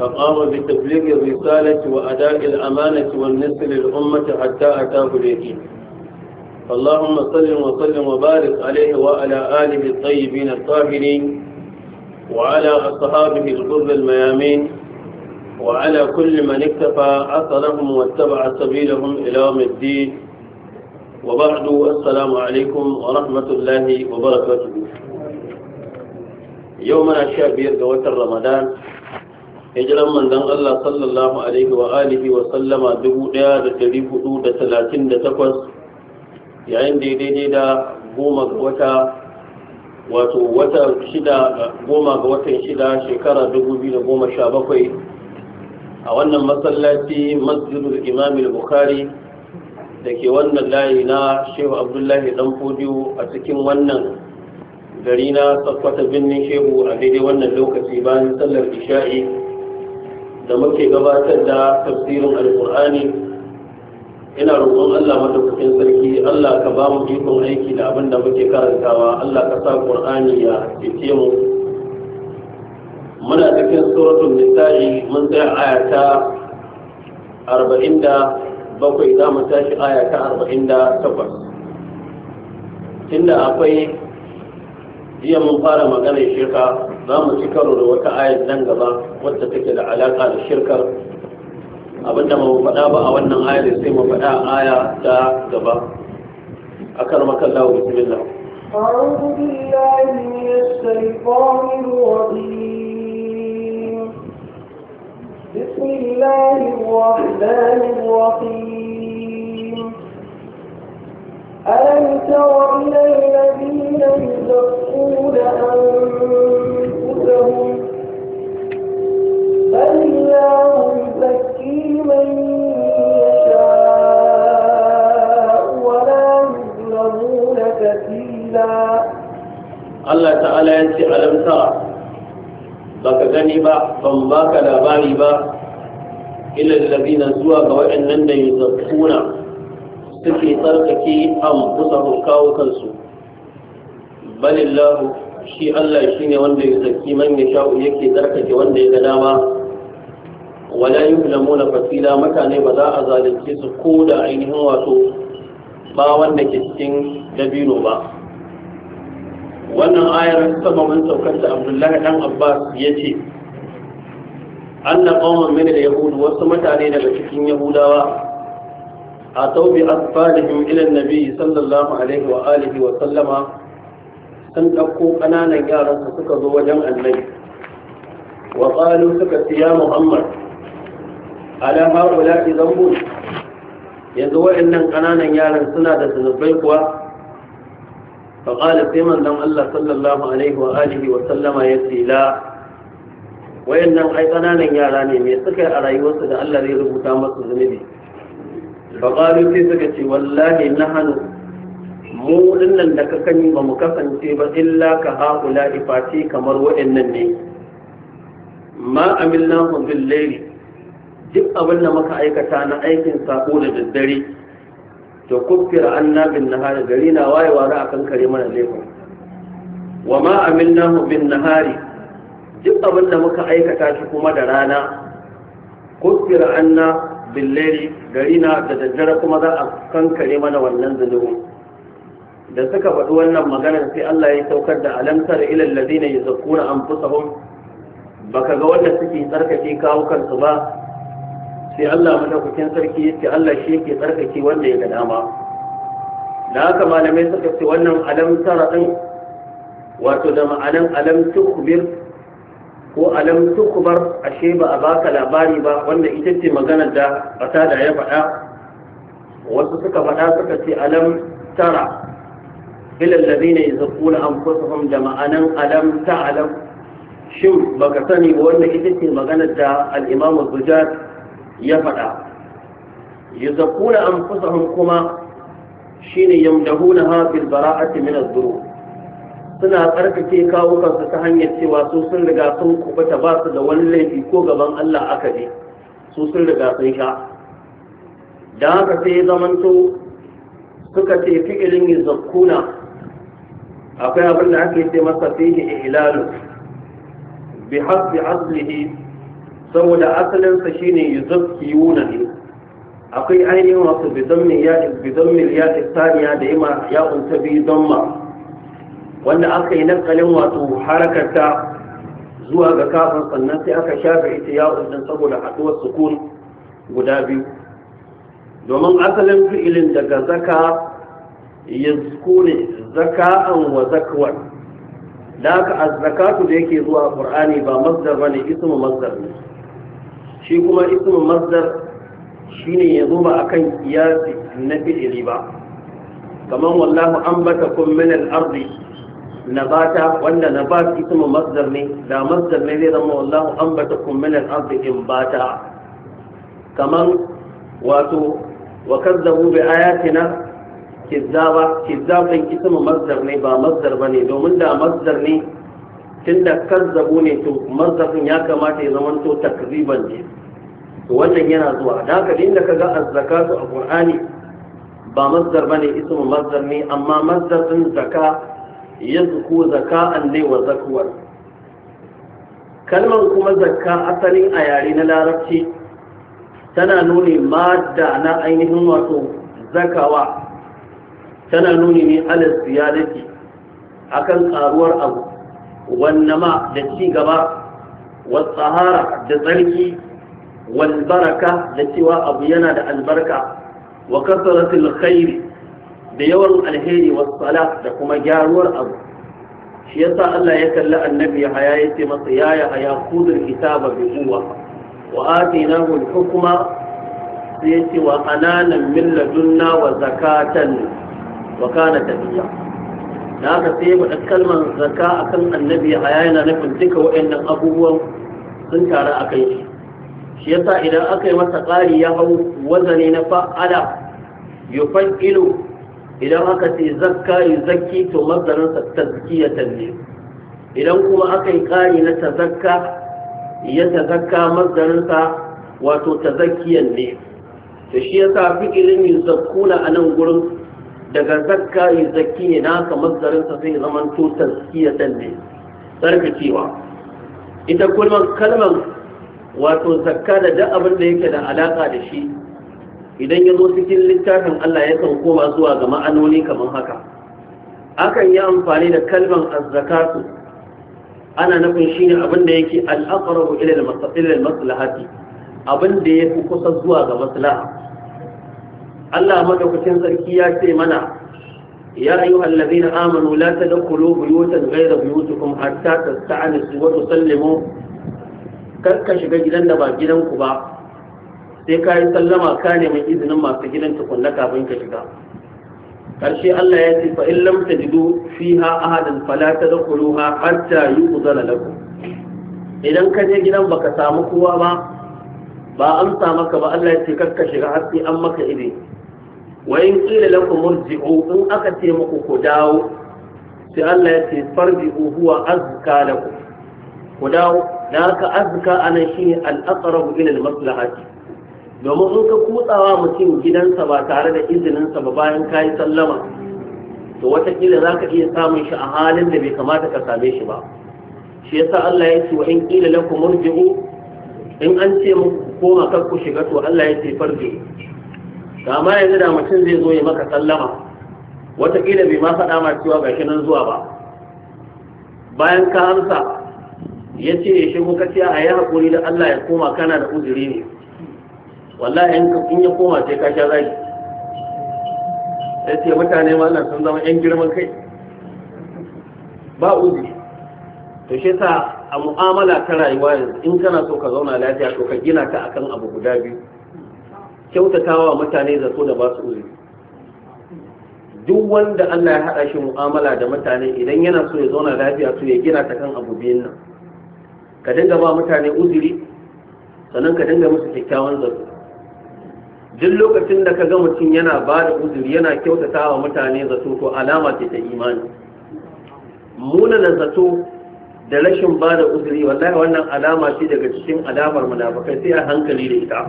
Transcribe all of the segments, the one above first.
فقام بتبليغ الرسالة وأداء الأمانة والنصر للأمة حتى أتاه اليقين فاللهم صل وسلم وبارك عليه وعلى آله الطيبين الطاهرين وعلى أصحابه الغر الميامين وعلى كل من اكتفى أثرهم واتبع سبيلهم إلى يوم الدين وبعد السلام عليكم ورحمة الله وبركاته يومنا الشابير قوة رمضان hijiran manzon Allah sallallahu alaihi wa alihi wa sallama 1438 yayin da daidai da goma ga wata wato wata shida goma ga watan shida shekara 2017 a wannan masallaci masjidul imam al-bukhari da ke wannan layi na shehu abdullahi dan fodiyo a cikin wannan gari na sakwata birnin shehu a daidai wannan lokaci bayan sallar isha'i da muke gabatar da tafsirin alkur'ani ina roƙon Allah madaukakin sarki Allah ka ba mu ikon aiki da abin da muke karantawa Allah ka sa Qur'ani ya fice mu muna cikin suratul nisa'i mun tsaya aya ta 47 za mu tashi aya ta 48 tunda akwai jiya mun fara maganar shirka za mu ci karo da wata ayat nan gaba wacce take da alaka da shirkar abinda mu faɗa ba a wannan ayat sai mu faɗa aya ta gaba akan makallahu bismillah أعوذ بالله من الشيطان الرجيم بسم الله الرحمن الرحيم ألم تر إلى الذين يزكون أنفسهم لهم بل الله يزكي من يشاء ولا يظلمون كثيرا baka gani ba ban baka labari ba ilal ladina zuwa ga waɗannan da yuzakkuna suke tsarkake an kusa kawo kansu balillahu shi Allah shi ne wanda ya zaki man ya sha'u yake tsarkake wanda ya ga dama wala na fasila mutane ba za a zalunce su ko da ainihin wato ba wanda ke cikin dabino ba wannan ayar mun saukar da Abdullahi dan Abbas ya ce anna qauman min da yahudu wasu mutane daga cikin yahudawa a taubi asfalihim ila nabi sallallahu alaihi wa alihi wa sallama sun ɗauko ƙananan yaransu suka zo wajen annabi wa ƙalu suka ce ya muhammad ala haula zambun yanzu waɗannan ƙananan yaran suna da zunubai kuwa فقال سيمن دم الله صلى الله wa sallama ya يسي لا wayannan ai ƙananan yara ne me suka yi a rayuwarsu da Allah zai rubuta masu zunubi fa qalu sai suka ce wallahi nahnu mu dinnan da ka kani ba mu kasance ba illa ka haƙula ifati kamar waɗannan ne ma amilna bil laili duk abin da muka aikata na aikin sako da daddare to kuffira anna bin nahari gari na wayewa za a kankare mana laifin wa ma amilna bin nahari duk abin da muka aikata shi kuma da rana kuffira anna bil laili gari na da daddare kuma za a kankare mana wannan zunubin da suka faɗi wannan maganar sai Allah ya saukar da alamtar ilal ladina yuzakkuna anfusahum baka ga wanda suke tsarkake kawo kansu ba sai Allah madaukakin sarki yake Allah shi yake tsarkake wanda ya ga dama da haka malamai suka ce wannan alamtar din wato da ma'anan alam tukbir ko alam tukbar ashe ba a baka labari ba wanda ita ce maganar da fata da ya faɗa wasu suka faɗa suka ce alam tara baka sani wanda ita ce ألم da شو بكتني ya faɗa. مغنى الإمام الزجاج يفعل kuma shi ne شين na في bara'ati من buro. suna tsarkake kawukansu ta hanyar cewa su sun riga sun kubuta ba su da wani laifi ko gaban Allah aka je su sun riga sun sha da haka sai zamanto suka ce fi'ilin zakuna akwai abin da ake ce masa fihi ihlalu bi hasbi aslihi saboda asalinsa shine yuzakkiyuna ne akwai ainihin wasu bi ya bi ya tsaniya da ima ya unta bi damma wanda aka yi nakalin wato harakata zuwa ga kafin sannan sai aka shafa ita ya unta saboda haduwar sukun guda biyu domin asalin fi'ilin daga zaka yazkuri zaka'an wa zakwan da haka az-zakatu da yake zuwa qur'ani ba masdar bane ismu masdar ne shi kuma ismu masdar shine ya ba akan kiyasi na fi'ili ba kaman wallahu anbatakum min al-ardi nabata wanda nabat ismu masdar ne da masdar ne zai zama wallahu anbatakum min al-ardi in bata kaman wato wa kadzabu bi ayatina kizzaba kizzaban ismu masdar ne ba masdar bane domin da masdar ne tunda kazzabu ne to masdarin ya kamata ya zama to takriban ne to wannan yana zuwa da haka inda kaga az-zakatu a qur'ani ba masdar bane ismu masdar ne amma masdar din zaka yazku zaka'an ne wa zakwar kalman kuma zakka asalin a yare na larabci tana nuni madda na ainihin wato zakawa tana nuni ne ala ziyadati akan karuwar abu wannama da ci gaba wa tsahara da tsarki wal baraka da cewa abu yana da albarka wa kasaratul khairi da yawan alheri wa sala da kuma gyaruwar abu shi yasa Allah ya kalli annabi ya haya yace masa ya ya haya kudur kitaba bi uwa wa atinahu al-hukma sai yace wa ananan min ladunna wa zakatan wa kana tafiya da haka sai ya faɗa kalmar zaka akan annabi haya yana nufin duka waɗannan abubuwan sun taru a kan shi shi sa idan aka yi masa tsari ya hau wazane na fa'ala yufan ilo idan aka ce zakka yi zakki to mazarinsa tazkiyatan ne idan kuma aka yi ƙari na ta tazakka ya ta tazakka mazarinsa wato ta tazakkiyan ne to shi ya yasa fi'ilin yuzakkuna a nan gurin daga zakka yi zakki na ka mazdarinsa sai zaman to taskiyatan ne tsarkacewa ita kulman kalmar wato zakka da duk abin da yake da alaka da shi idan ya zo cikin littafin Allah ya san koma zuwa ga ma'anoni kamar haka akan yi amfani da kalmar azzakatu ana nufin shine abin da yake al-aqrabu ila maslahati abin da yafi kusa zuwa ga maslaha Allah madaukakin sarki ya ce mana ya ayyuhal ladina amanu la tadkhulu buyutan ghayra buyutikum hatta tasta'nisu wa tusallimu kar ka shiga gidan da ba gidan ku ba sai ka yi sallama ka nemi izinin masu gidan tukunna kafin ka shiga karshe Allah ya ce fa in lam tajidu fiha ahadan fala tadkhuluha hatta yu'zana lakum idan ka je gidan baka samu kowa ba ba amsa maka ba Allah ya ce kar ka shiga har sai an maka izini wa in qila lakum murji'u in aka ce muku ku dawo sai Allah ya ce farji'u huwa azka lakum ku dawo da ka azka anan shine al-aqrabu ila al-maslahati domin in ka kutsawa mutum gidansa ba tare da izininsa ba bayan yi sallama to watakila za ka iya samun shi a halin da bai kamata ka same shi ba shi yasa Allah ya ce wa in qila lakum murji'u in an ce muku koma kar ku shiga to Allah ya ce farji'u amma yanzu da mutum zai zo ya maka sallama wataƙila bai ma faɗa ma cewa shi nan zuwa ba bayan ka amsa ya ce ya shigo ka ce a yi haƙuri da Allah ya koma kana da uzuri ne wallahi in ya koma sai ka sha zagi ya ce mutane mallan sun zama yan girman kai ba uzuri to shi sa a mu'amala ta rayuwa yanzu in kana so ka zauna lafiya to ka gina ta akan abu guda biyu kyautatawa mutane zato da ba su uzuri duk wanda Allah ya haɗa shi mu'amala da mutane idan yana so ya zauna lafiya so ya gina ta kan abu biyun nan ka dinga ba mutane uzuri sannan ka dinga musu kyakkyawan zato duk lokacin da ka ga mutum yana ba da uzuri yana kyautatawa mutane zato to alama ce ta imani Munanan zato da rashin ba da uzuri wallahi wannan alama ce daga cikin alamar munafikai sai a hankali da ita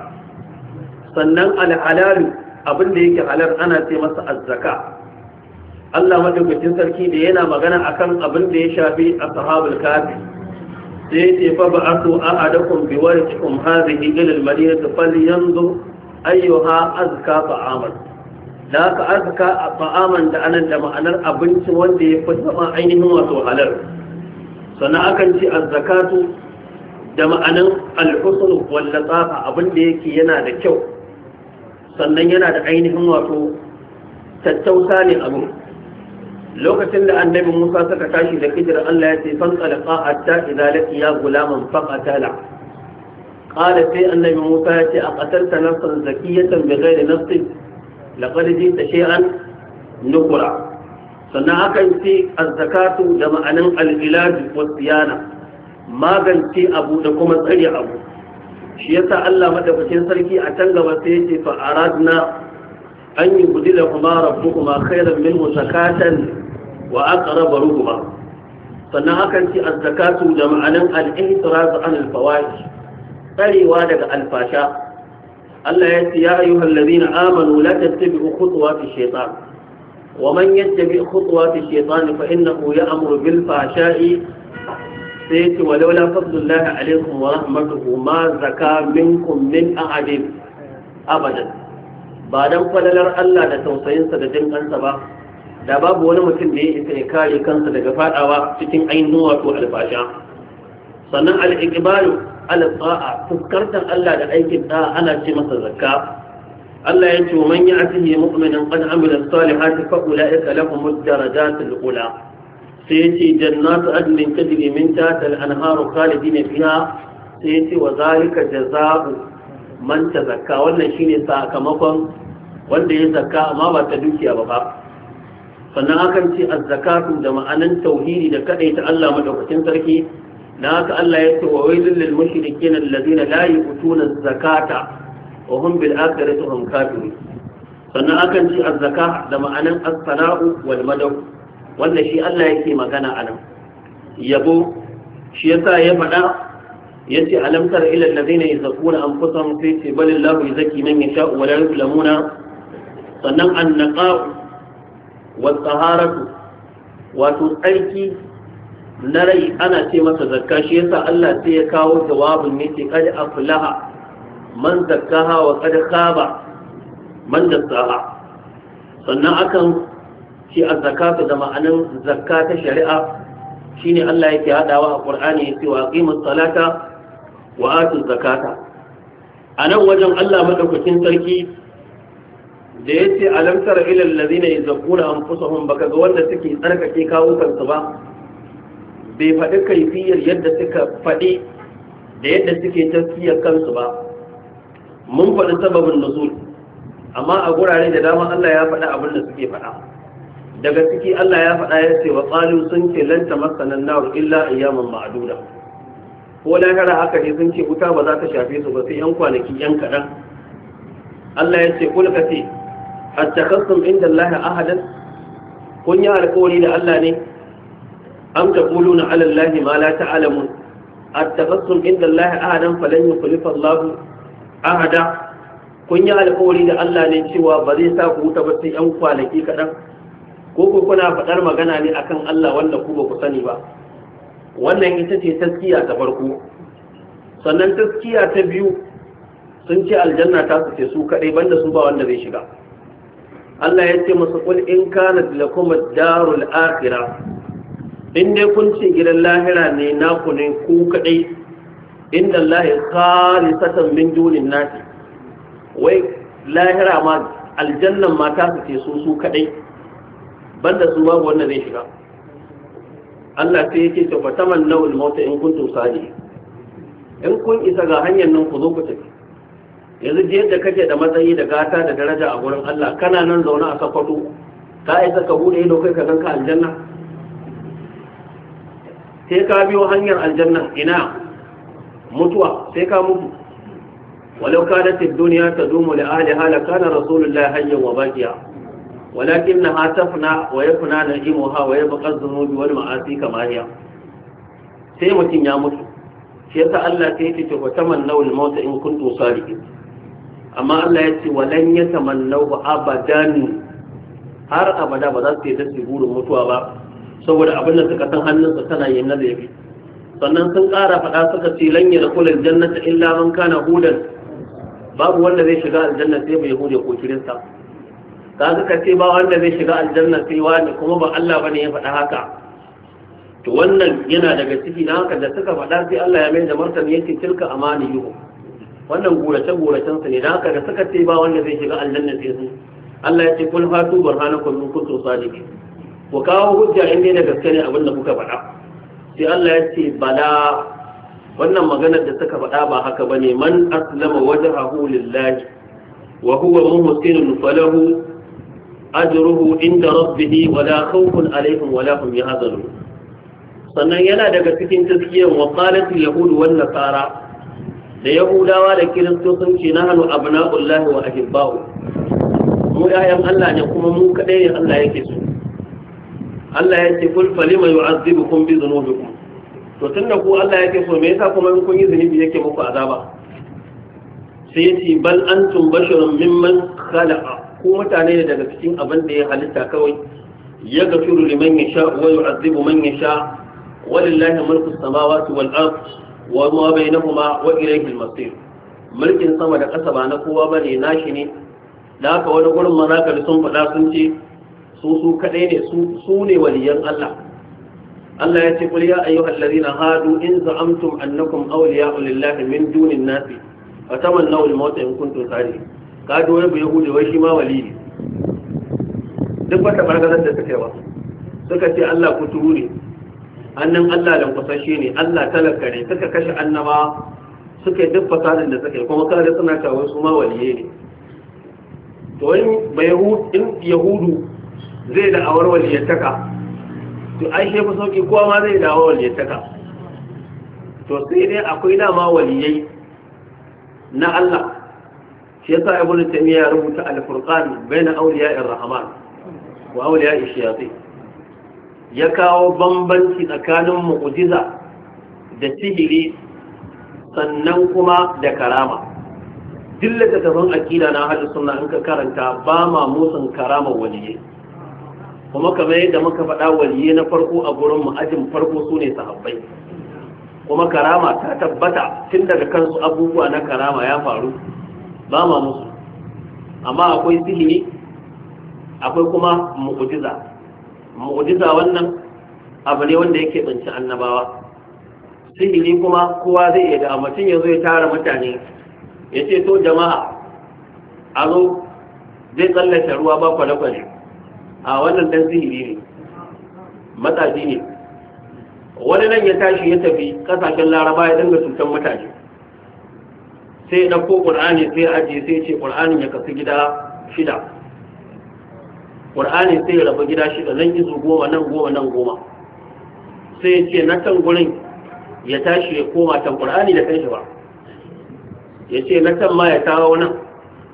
sannan alhalalu abin da yake halar ana ce masa azzaka Allah madaukakin sarki da yana magana akan abin da ya shafi ashabul kafi sai ya ce fa a ahadakum bi warqikum hadhihi ila al madinah falyanzu ayyuha azka ta'aman da ka azka ta'aman da anan da ma'anar abinci wanda ya fi zama ainihin wato halal sannan akan ce azzakatu da al-husn wal latafa abin da yake yana da kyau sannan yana da ainihin wato tattausa ne abu lokacin da annabi musa suka tashi da kijir allah ya ce fan tsalaka hatta idza laqiya gulaman faqatala qala sai annabi musa ya ce a qatalta nafsan da bighairi nafsin laqad jita shay'an nukura sannan akan ce azzakatu da ma'anin al'ilaji ilaj wa magance abu da kuma tsare abu shi yasa Allah madaukakin sarki a can gaba sai yace fa aradna an da kuma rabbukuma khairan minhu zakatan wa aqrab ruhuma sannan hakan ci az-zakatu da ma'anan al-ihtiraz an al-fawahish tsarewa daga alfasha Allah ya ce ya ayyuhal ladina amanu la tattabi'u khutuwati shaytan wa man yattabi' khutuwati shaytan fa innahu ya'muru bil fahsha'i sai yace walaula fadlullahi alaikum wa rahmatuhu ma zaka minkum min ahadin abadan ba dan falalar Allah da tausayinsa da jin ba da babu wani mutum da ya isa ya kare kansa daga fadawa cikin ainihin wato albasha sannan al-iqbalu ala ta'a fuskantar Allah da aikin da ana ce masa zakka Allah ya ce man ya'tihi mu'minan qad amila salihati fa ulaika lahum darajatul ula sai ya ce jannatu adnin tajri min da al-anharu khalidina fiha sai ya ce wa zalika jazaa'u man zakka. wannan shine sakamakon wanda ya zakka amma ba ta dukiya ba ba sannan akan ce az-zakatu da ma'anan tauhidi da kaɗai ta Allah madaukakin sarki na haka Allah ya ce wa wailul lil mushrikin alladhina la yu'tuna az-zakata wa hum bil akhirati hum kafirun sannan akan ce az-zaka da ma'anan as-sana'u wal madaw wanda shi Allah yake magana a nan yabo shi yasa ya faɗa yace alam tara ila allazina yazkuna anfusahum fi sabilillahi yuzakki man yasha wa la yuzlamuna sannan annaqa wa taharatu wato tsarki na rai ana ce masa zakka shi yasa Allah sai ya kawo jawabin ne ce kad aflaha man zakkaha wa kad khaba man dassaha sannan akan shi a zakatu da ma'anin zakka ta shari'a shine Allah yake haɗawa a ƙur'ani ya ce wa aqimus salata wa atuz zakata A nan wajen Allah maɗaukacin sarki da ya ce yace na tara zakuna an fusa hun baka ga wanda suke tsarkake kawo kansu ba bai faɗi kaifiyar yadda suka faɗi da yadda suke tafiyar kansu ba mun faɗi sababin nuzul amma a gurare da dama Allah ya faɗi abin da suke faɗa daga ciki Allah ya faɗa ya ce wa qalu sun ce lan tamassana an-nar illa ayyaman ma'aduda. ko lahira haka ne sun ce wuta ba za ta shafe su ba sai yan kwanaki yan kaɗan Allah ya ce kul kace attakhasum inda Allah ya ahadan kun yi alƙawari da Allah ne am taquluna na Allah ma la ta'lamun attakhasum inda Allah ya ahadan falan yukhlifa Allah ahada kun yi alƙawari da Allah ne cewa ba zai sa ku wuta ba sai yan kwanaki kaɗan ko ku kuna faɗar magana ne akan Allah wanda ku ba ku sani ba wannan ita ce taskiya ta farko sannan taskiya ta biyu sun ce aljanna ta su ce su kaɗai banda su ba wanda zai shiga Allah ya ce masa kul in kana lakum ad-darul akhirah in dai kun ce gidan lahira ne na ku ne ku kadai inda Allah satan min dunin nasi wai lahira ma aljannan ma ta su ce su su kadai banda su babu wannan zai shiga Allah sai yake ce fa tamannaw al mauta in kuntum sadi in kun isa ga hanyar nan ku zo ku tafi yanzu je da kake da matsayi da gata da daraja a gurin Allah kana nan zaune a sakwato ka isa ka bude ido kai ka san ka aljanna sai ka biyo hanyar aljanna ina mutuwa sai ka mutu walau kanat duniya ta tadumu li ahliha la kana rasulullahi hayyan wa baqiya walakin na hatafna wa ya kuna na imuha wa ya wani sai mutum ya mutu shi yasa Allah ta yi ta ku tamannau al-mauta in kuntum salihin amma Allah ya ce walan yatamannau abadan har abada ba za su yi dace burin mutuwa ba saboda abin da suka san hannunsa tana yin na zai sannan sun kara faɗa suka ce lan da kula jannata illa man kana hudan babu wanda zai shiga aljanna sai bai hude ko kirista kaga ka ce ba wanda zai shiga aljanna sai wani kuma ba Allah bane ya faɗa haka to wannan yana daga ciki na haka da suka faɗa sai Allah ya mai da martani yake tilka amaniyu wannan gurace guracen su ne da haka da suka ce ba wanda zai shiga aljanna sai su Allah ya ce kul fatu burhanakum in kuntum sadiqin ku kawo hujja in dai da gaske ne abin da kuka faɗa sai Allah ya ce bala wannan maganar da suka faɗa ba haka ba ne man aslama wajahahu lillahi wa huwa muhsinun falahu ajruhu inda rabbih wala khawfun alaihim wala hum yahzanun sannan yana daga cikin tazkiyar wa qalat yahud wal nasara da yahudawa da kiristocin ce na hannu abna'ullahi wa ahibba'u mu ƴaƴan Allah ne kuma mu kadai ne Allah yake so Allah ya ce kul falima yu'azzibukum bi dhunubikum to tunda ku Allah yake so me yasa kuma in kun yi zunubi yake muku azaba sai yace bal antum basharun mimman khalaqa Ko mutane ne daga cikin abin da ya halitta kawai ya gafiru liman ya sha wa yu'azzibu man ya sha walillahi mulku samawati wal ard wa ma bainahuma wa ilayhi al-masir mulkin sama da ƙasa ba na kowa bane nashi ne da haka wani gurin manakar sun faɗa sun ce su su kadai ne su su ne waliyan Allah Allah ya ce kuliya ayyuhal ladina hadu in za'amtum annakum awliya'u lillahi min dunin nasi fatamannaw al-mauta in kuntum sadiqin ka ji wani bai hude wai shi ma wali ne duk wata bargazar da suka yi ba suka ce Allah kuturu ne annan Allah da kusashe ne Allah talaka ne suka kashe annaba suka yi duk fasadin da suka yi kuma kare suna cewa su ma waliye ne to wani bai yahudu zai da awar taka to ai shi sauki kowa ma zai da awar taka to sai dai akwai dama waliyai na Allah shi yasa ibn taymiya ya rubuta al-furqan bayna awliya ar-rahman wa awliya ash-shayatin ya kawo bambanci tsakanin mu'jiza da sihiri sannan kuma da karama dillar da tafan akida na hadu suna in ka karanta ba ma musun karama waliye kuma kamar yadda muka faɗa waliye na farko a gurin mu ajin farko sune sahabbai kuma karama ta tabbata tun daga kansu abubuwa na karama ya faru ba ma musu amma akwai sihiri akwai kuma mu'ujiza mu'ujiza wannan abu ne wanda yake tsinci annabawa sihiri kuma kowa zai iya da mutum ya zo ya tara mutane ya ce to jama'a a zo zai tsallace ruwa ba kwale-kwale a wannan dan sihiri ne matsafi ne wani nan ya tashi ya tafi kasashen laraba ya dinga cutar mutane sai ya ɗauko ƙur'ani sai ya ajiye sai ya ce ƙur'anin ya kasu gida shida ƙur'ani sai ya rabu gida shida nan izu goma nan goma nan goma sai ya ce na can gurin ya tashi ya koma can ƙur'ani da shi ba ya ce na can ma ya kawo nan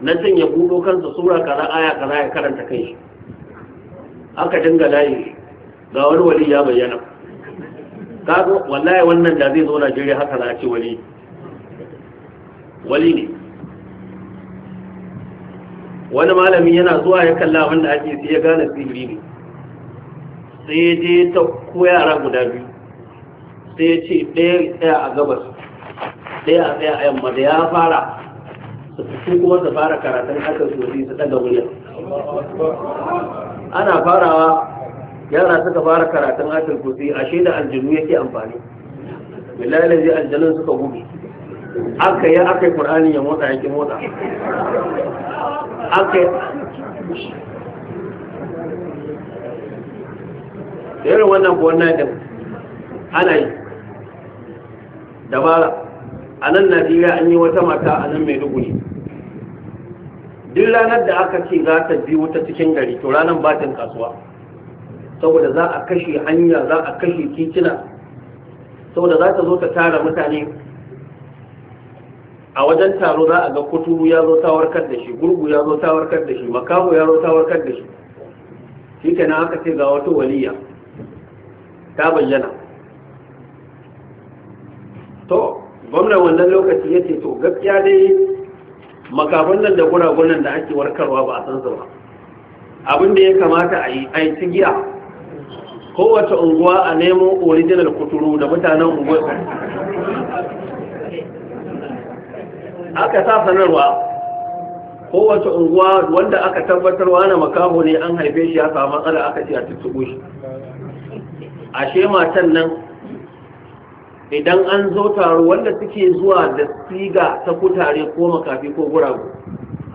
na can ya buɗo kansa sura kaza aya kaza ya karanta shi aka dinga layi ga wani wali ya bayyana kaga wallahi wannan da zai zo Najeriya haka za a ce wali wali ne wani malami yana zuwa ya kalla wanda da ake sai ya gane sihiri ne sai ya je ta koya yara guda biyu sai ya ce ɗaya tsaya a gabas ɗaya a tsaya a yamma da ya fara su fito kuma su fara karatun haka sosai su ɗaga wuyan ana farawa yara suka fara karatun su kusi ashe da aljanu yake amfani billahi zai aljanun suka gube aka yi aka yi qur'ani ya motsa ya ƙi motsa aka irin wannan wannan din ana yi dabara a nan najeriya an yi wata mata a nan maiduguri duk ranar da aka ce za ta bi wuta cikin gari to ranar batin kasuwa saboda za a kashe hanya za a kashe titina saboda za ta zo ta tara mutane a wajen taro za a ga kuturu ya zo ta kan da shi gurgu ya zo ta kan da shi makamu ya zo ta kan da shi shi kenan aka ce ga wata waliya ta bayyana to gwamnan wannan lokaci ya ce to gaskiya dai makafin nan da nan da ake warkarwa ba a san ba abin da ya kamata a yi ai ta giya kowace unguwa a nemo original kuturu da mutanen unguwar aka sa sanarwa kowace unguwa wanda aka tabbatarwa wani makaho ne an haife shi ya samu matsala aka ce a tuttuɓo shi ashe matan nan idan an zo taro wanda suke zuwa da siga ta kutare ko makafi ko guragu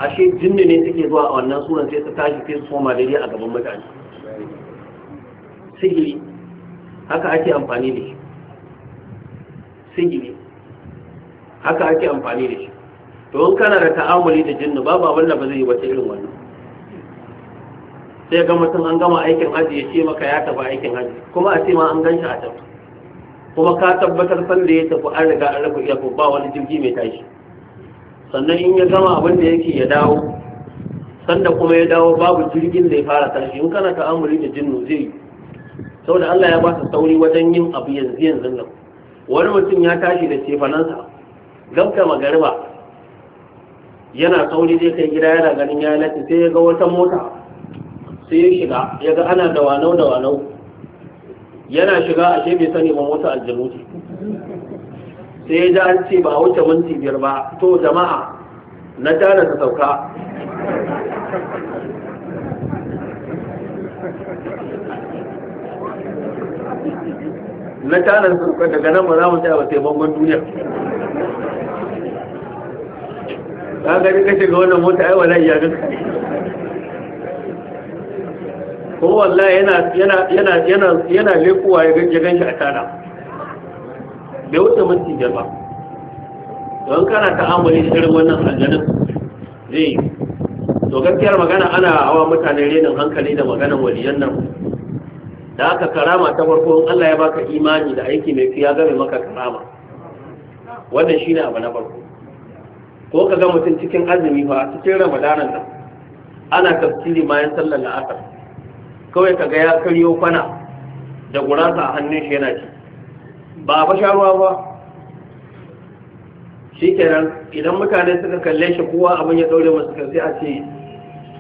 ashe jinni ne suke zuwa a wannan sunan sai su tashi sai su koma daidai a gaban mutane sigiri haka ake amfani da shi sigiri haka ake amfani da shi to in kana da ta'amuli da jinnu babu abin da ba zai yi wata irin wannan sai ga mutum an gama aikin haji ya ce maka ya tafi aikin haji kuma a ce ma an ganshi a tafi kuma ka tabbatar san da ya tafi an riga an rabu ko ba wani jirgi mai tashi sannan in ya gama abin da yake ya dawo sanda kuma ya dawo babu jirgin da ya fara tashi in kana ta'amuli da jinnu zai yi saboda Allah ya ba su sauri wajen yin abu yanzu yanzu nan wani mutum ya tashi da cefanansa gamta magariba yana sauri zai kai gida yana ganin ya lati sai ya ga wata mota sai ya shiga ya ga ana da wanau da wanau yana shiga ashe bai sani ba mota aljanu ce sai ya ji an ce ba a wuce minti biyar ba to jama'a na tara ta sauka na tara ta sauka daga nan ba za mu tsaya ba sai taimakon duniya ka gani ka shiga wannan mota ai zai ya ga ko wallahi yana yana yana yana lekuwa ya ga ganshi a tana bai wuce minti biyar ba don kana ta'amuli shirin wannan aljanin zai to gaskiyar magana ana hawa mutane renin hankali da maganan waliyan nan da aka karama ta farko in Allah ya baka imani da aiki mai fiya game maka karama wannan shine abu na farko ko ka ga mutum cikin azumi fa cikin ramadanan nan ana tafsiri bayan sallar la'asar kawai ka ga ya karyo kwana da gurasa a hannun shi yana ci ba a fasha ruwa ba shi kenan idan mutane suka kalle shi kowa abin ya daure masu kan sai a ce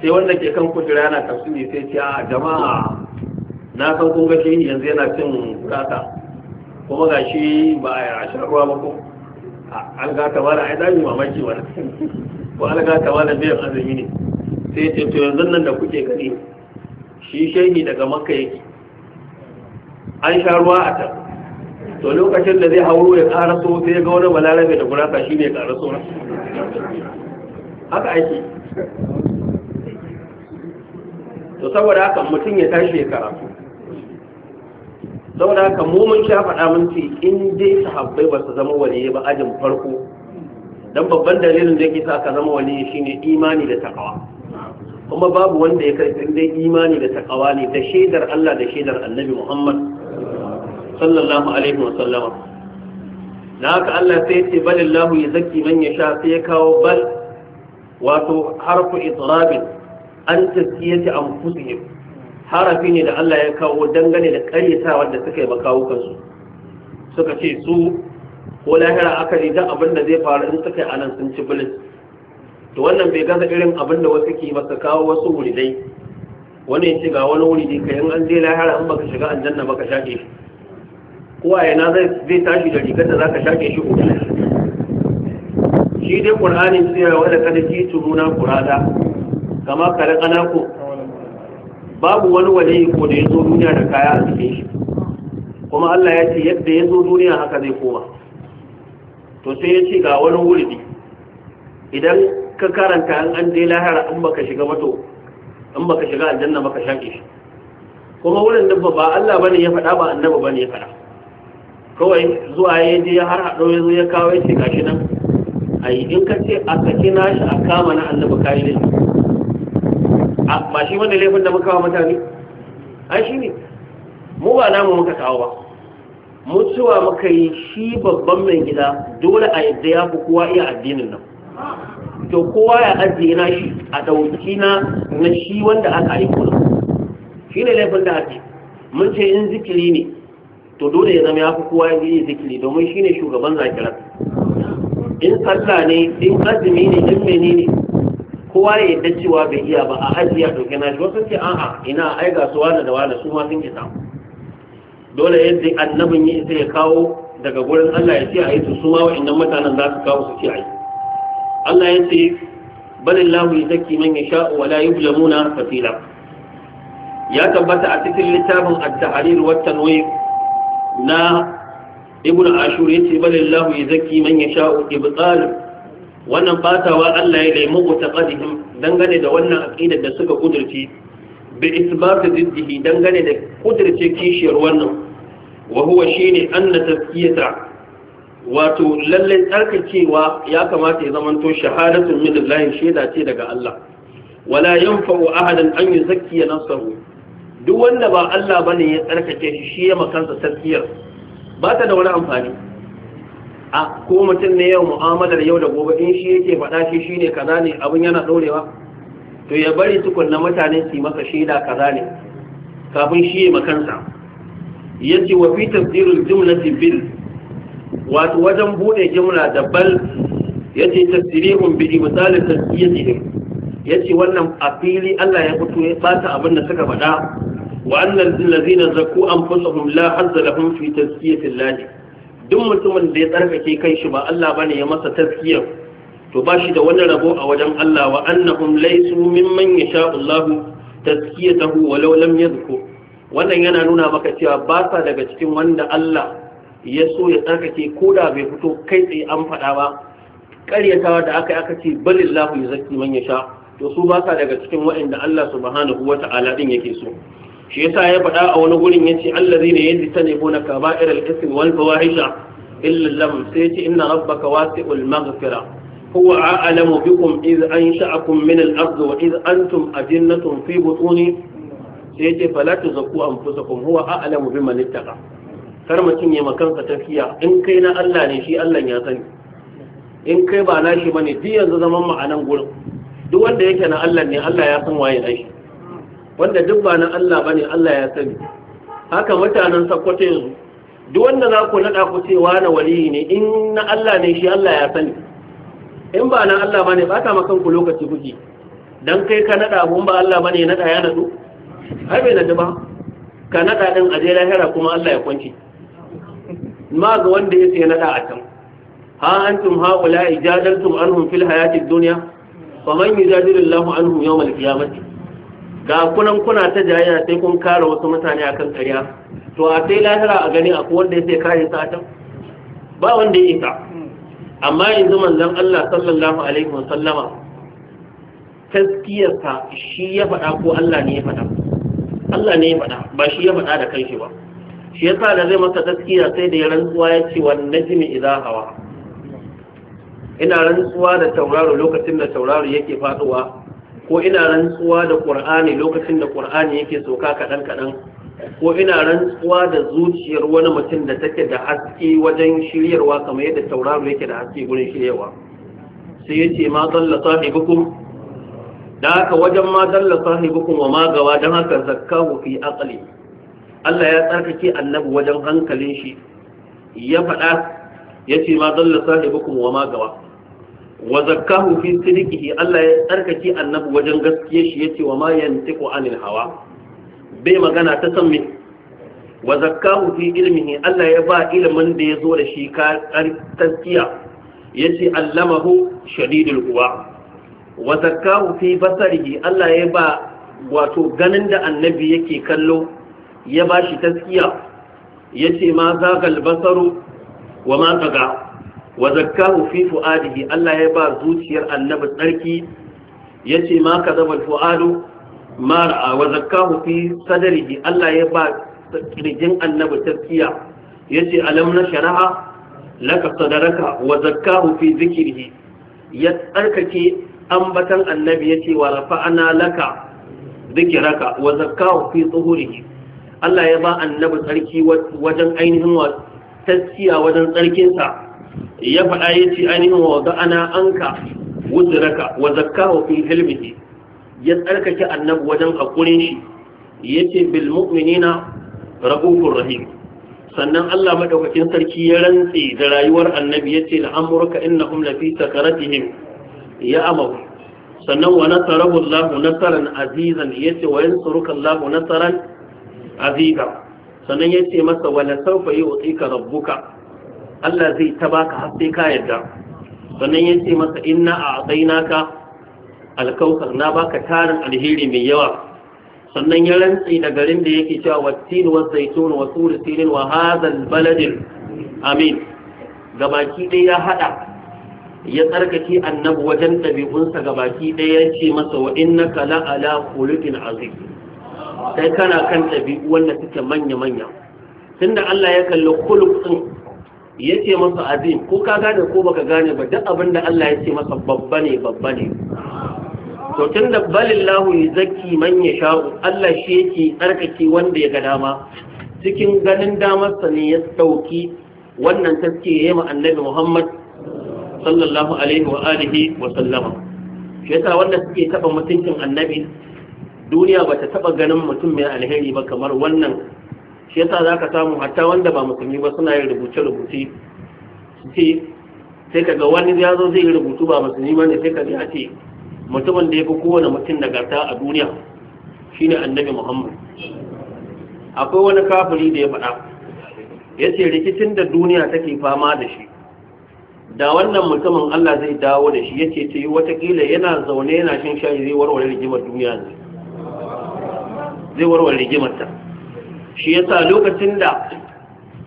sai wanda ke kan kujira yana tafsiri sai ce a jama'a na san kun ga shi yanzu yana cin gurasa kuma ga shi ba a sha ruwa ba ko alga ta wala ai mu mamaki wala ko alga ta wala biyan azumi ne sai ce to yanzu nan da kuke gani shi shehi daga makka yake an sha ruwa a can to lokacin da zai hauro ya so sai ga wani balarabe da gurasa shi ne so haka ake to saboda haka mutum ya tashi ya karatu saboda ka mu mun sha faɗa mun ce in dai sahabbai ba su zama wani ba ajin farko dan babban dalilin da yake sa ka zama waliyi shine imani da takawa kuma babu wanda ya kai dai imani da takawa ne da shaidar Allah da shaidar Annabi Muhammad sallallahu alaihi wa sallama na haka Allah sai ce balillahu yazki man yasha sai ya kawo bal wato harfu itrabin an tazkiyati anfusihim harafi ne da Allah ya kawo dangane da karyata wanda suka yi makawukansu suka ce su ko lahira aka ne ta abin da zai faru in suka yi anan sun ci bilis to wannan bai gaza irin abin da wasu ke masa kawo wasu wuridai wani ya ce ga wani wuri ka yi an zai lahira in baka shiga aljanna baka shaƙe shi kowa yana zai tashi da rigar da za ka shaƙe shi hoto shi dai ƙur'anin cewa wadda kada ji turuna kurada kama kare ƙanaku babu wani wali ko da ya zo duniya da kaya a cikin shi kuma Allah ya ce yadda ya zo duniya haka zai koma to sai ya ce ga wani wurdi idan ka karanta an an dai lahara in baka shiga mato in baka shiga aljanna baka shaƙe shi kuma wurin da ba Allah bane ya faɗa ba annabi bane ya faɗa kawai zuwa ya je har haɗo ya zo ya kawo ya ce gashi nan ai in ka ce a saki nashi a kama na annabi kai ne ba shi wanda laifin da muka wa mutane A shi ne mu ba namu muka kawo ba mutuwa muka yi shi babban mai gida dole a yadda ya fi kowa iya addinin nan to kowa ya ajiye na shi a dauki na na shi wanda aka yi kula. shi ne laifin da ake mun ce in zikiri ne to dole ya zama ya fi kowa ya yi zikiri domin shi ne shugaban zakirar in sallah ne in azumi ne in menene ne kowa ya yadda cewa bai iya ba a hajji ya ɗauke na shi wasu ce a'a ina ai ga su wane da wane su ma sun isa. dole yadda annabin yi sai ya kawo daga gurin Allah ya ce a yi su su ma wa'annan mutanen za su kawo su ce a yi Allah ya ce yi zaki man ya yasha wa la muna fasila ya tabbata a cikin littafin at-tahrir wa tanwir na ibnu ashur yace yi zaki man ya sha ibtal wannan fatawa Allah ya laimu mutaqaddihim dangane da wannan aqidar da suka kudurce bi isbat diddihi dangane da kudurce kishiyar wannan wa huwa shine anna tazkiyata wato lalle tsarkakewa ya kamata ya zamanto shahadatun min Allah shaida ce daga Allah wala yanfa'u ahadan an yuzakkiya nafsahu duk wanda ba Allah bane ya tsarkake shi shi ya makansa tsarkiyar. ba ta da wani amfani a ko mutum ne yau mu'amalar yau da gobe in shi yake faɗa shi ne kaza ne abin yana ɗorewa to ya bari na mutane su maka shaida kaza ne kafin shi ya makansa Ya ce wa fitar tafsirul jimla bil wato wajen buɗe jimla da bal biri misalin bi jihe Ya ce wannan a fili Allah ya fito ya ɓata abin da suka faɗa wa annal ladzina zaku anfusahum la hazza lahum fi tazkiyati Allah duk mutumin da ya tsarkake kai shi ba Allah bane ya masa taskiya? to ba shi da wani rabo a wajen Allah wa annahum laysu mimman yasha Allah taskiyatahu walau lam yadhku wannan yana nuna maka cewa ba sa daga cikin wanda Allah ya so ya tsarkake ko da bai fito kai tsaye an faɗa ba ƙaryatawa da aka yi aka ce balillahu yuzakki man yasha to su ba sa daga cikin waɗanda Allah subhanahu wata'ala din yake so shi yasa ya faɗa a wani gurin yace allazi ne yanzu ta nebo na kaba'ir al-ism wal fawahisha illa lam sai yace inna rabbaka wasi'ul maghfira huwa a'lamu bikum iz ansha'akum min al-ardh wa iz antum ajinnatun fi butuni sai yace fala tuzakku anfusakum huwa a'lamu biman ittaqa kar mutum ya makansa tafiya in kai na Allah ne shi Allah ya sani in kai ba nashi bane duk yanzu zaman ma'anan gurin duk wanda yake na Allah ne Allah ya san waye nashi wanda duk ba na Allah ba ne Allah ya sani haka mutanen sakkwato yanzu duk wanda za ku naɗa ku cewa na waliyi ne in na Allah ne shi Allah ya sani in ba na Allah ba ne ba ta makan ku lokaci kuke dan kai ka naɗa mun ba Allah ba ne naɗa ya naɗu ai bai naɗu ba ka naɗa ɗin a je lahira kuma Allah ya kwanci ma ga wanda ya sai naɗa a can ha antum haula ijadaltum anhum fil hayatid dunya faman yujadilu Allahu anhum yawmal qiyamati ga kunan kuna ta jayayya sai kun kare wasu mutane a kan karya to a sai lahira a gani akwai wanda sai kare satan ba wanda ya isa amma yanzu manzon Allah sallallahu alaihi wasallama taskiyarsa shi ya faɗa ko Allah ne ya faɗa Allah ne ya faɗa ba shi ya faɗa da kanshi ba shi ya sa da zai masa taskiya sai da ya rantsuwa ya ce wan najmi idza hawa ina rantsuwa da tauraro lokacin da tauraro yake faduwa ko ina rantsuwa da ƙur'ani lokacin da ƙur'ani yake soka kaɗan kaɗan ko ina rantsuwa da zuciyar wani mutum da take da haske wajen shiryarwa kamar yadda tauraro yake da haske gurin shiryarwa sai yace ma dalla sahibukum da haka wajen ma dalla sahibukum wa ma gawa dan haka zakkahu fi aqli Allah ya tsarkake annabi wajen hankalin shi ya faɗa yace ma dalla sahibukum wa ma gawa wa zakkahu fi sidqihi Allah ya tsarkake annabi wajen gaskiya shi yace wa ma yantiqu anil hawa bai magana ta san me wa zakkahu fi ilmihi Allah ya ba ilimin da yazo da shi ka tsarkiya yace allamahu shadidul quwa wa zakkahu fi basarihi Allah ya ba wato ganin da annabi yake kallo ya ba shi taskiya yace ma zagal basaru wa ma taga wa zakkahu fi fu'adihi Allah ya ba zuciyar annabi tsarki yace ma ka zama fu'adu Mar'a, ra'a wa zakkahu fi sadrihi Allah ya ba kirjin annabi taskiya yace alam nasharaha laka sadaraka wa zakkahu fi zikrihi ya tsarkake ambatan annabi yace wa rafa'ana laka zikiraka wa zakkahu fi tsuhurihi Allah ya ba annabi tsarki wajen ainihin wa taskiya wajen tsarkinsa ya faɗa ya ce ainihin wa ana anka wuzuraka wa zakkahu fi hilmihi ya tsarkake annabi wajen hakurin shi Ya ce bil mu'minina raufur rahim sannan Allah madaukakin sarki ya rantse da rayuwar annabi yace la amruka innahum la fi sakaratihim ya amaru sannan wa nasarahu Allah nasaran azizan ya ce wa yansuruka Allah nasaran aziza sannan ya ce masa wa la sawfa yu'tika rabbuka Allah zai ta baka har sai ka yarda sannan ya ce masa inna a naka alkausar na baka tarin alheri mai yawa sannan ya rantsi da garin da yake cewa wattin wa zaitun wa turi sinin wa hadhal baladin amin gabaki ɗaya ya hada ya tsarkake annabi wajen ɗabi'unsa gabaki ɗaya ya ce masa wa innaka la ala khuluqin azim sai kana kan ɗabi'u wanda suke manya manya tunda Allah ya kalli khuluq din ya ce masa azim ko ka gane ko baka gane ba duk abin da Allah ya ce masa babba ne babba ne to tun da balillahu yuzakki man yasha Allah shi yake tsarkake wanda ya ga dama cikin ganin damarsa ne ya dauki wannan taske ya yi annabi Muhammad sallallahu alaihi wa alihi wa sallama shi yasa wanda suke taba mutuncin annabi duniya bata taba ganin mutum mai alheri ba kamar wannan shi yasa za ka samu hatta wanda ba musulmi ba suna yin rubuce-rubuce ce sai ka ga wani ya zo zai yi rubutu ba musulmi ba ne sai ka a ce mutumin da ya fi kowane mutum da gata a duniya shine annabi muhammad akwai wani kafiri da ya faɗa ya ce rikicin da duniya take fama da shi da wannan mutumin Allah zai dawo da shi ya ce ta yi watakila yana zaune yana shan shayi zai warware rigimar duniya ne zai warware rigimar ta shi yasa lokacin da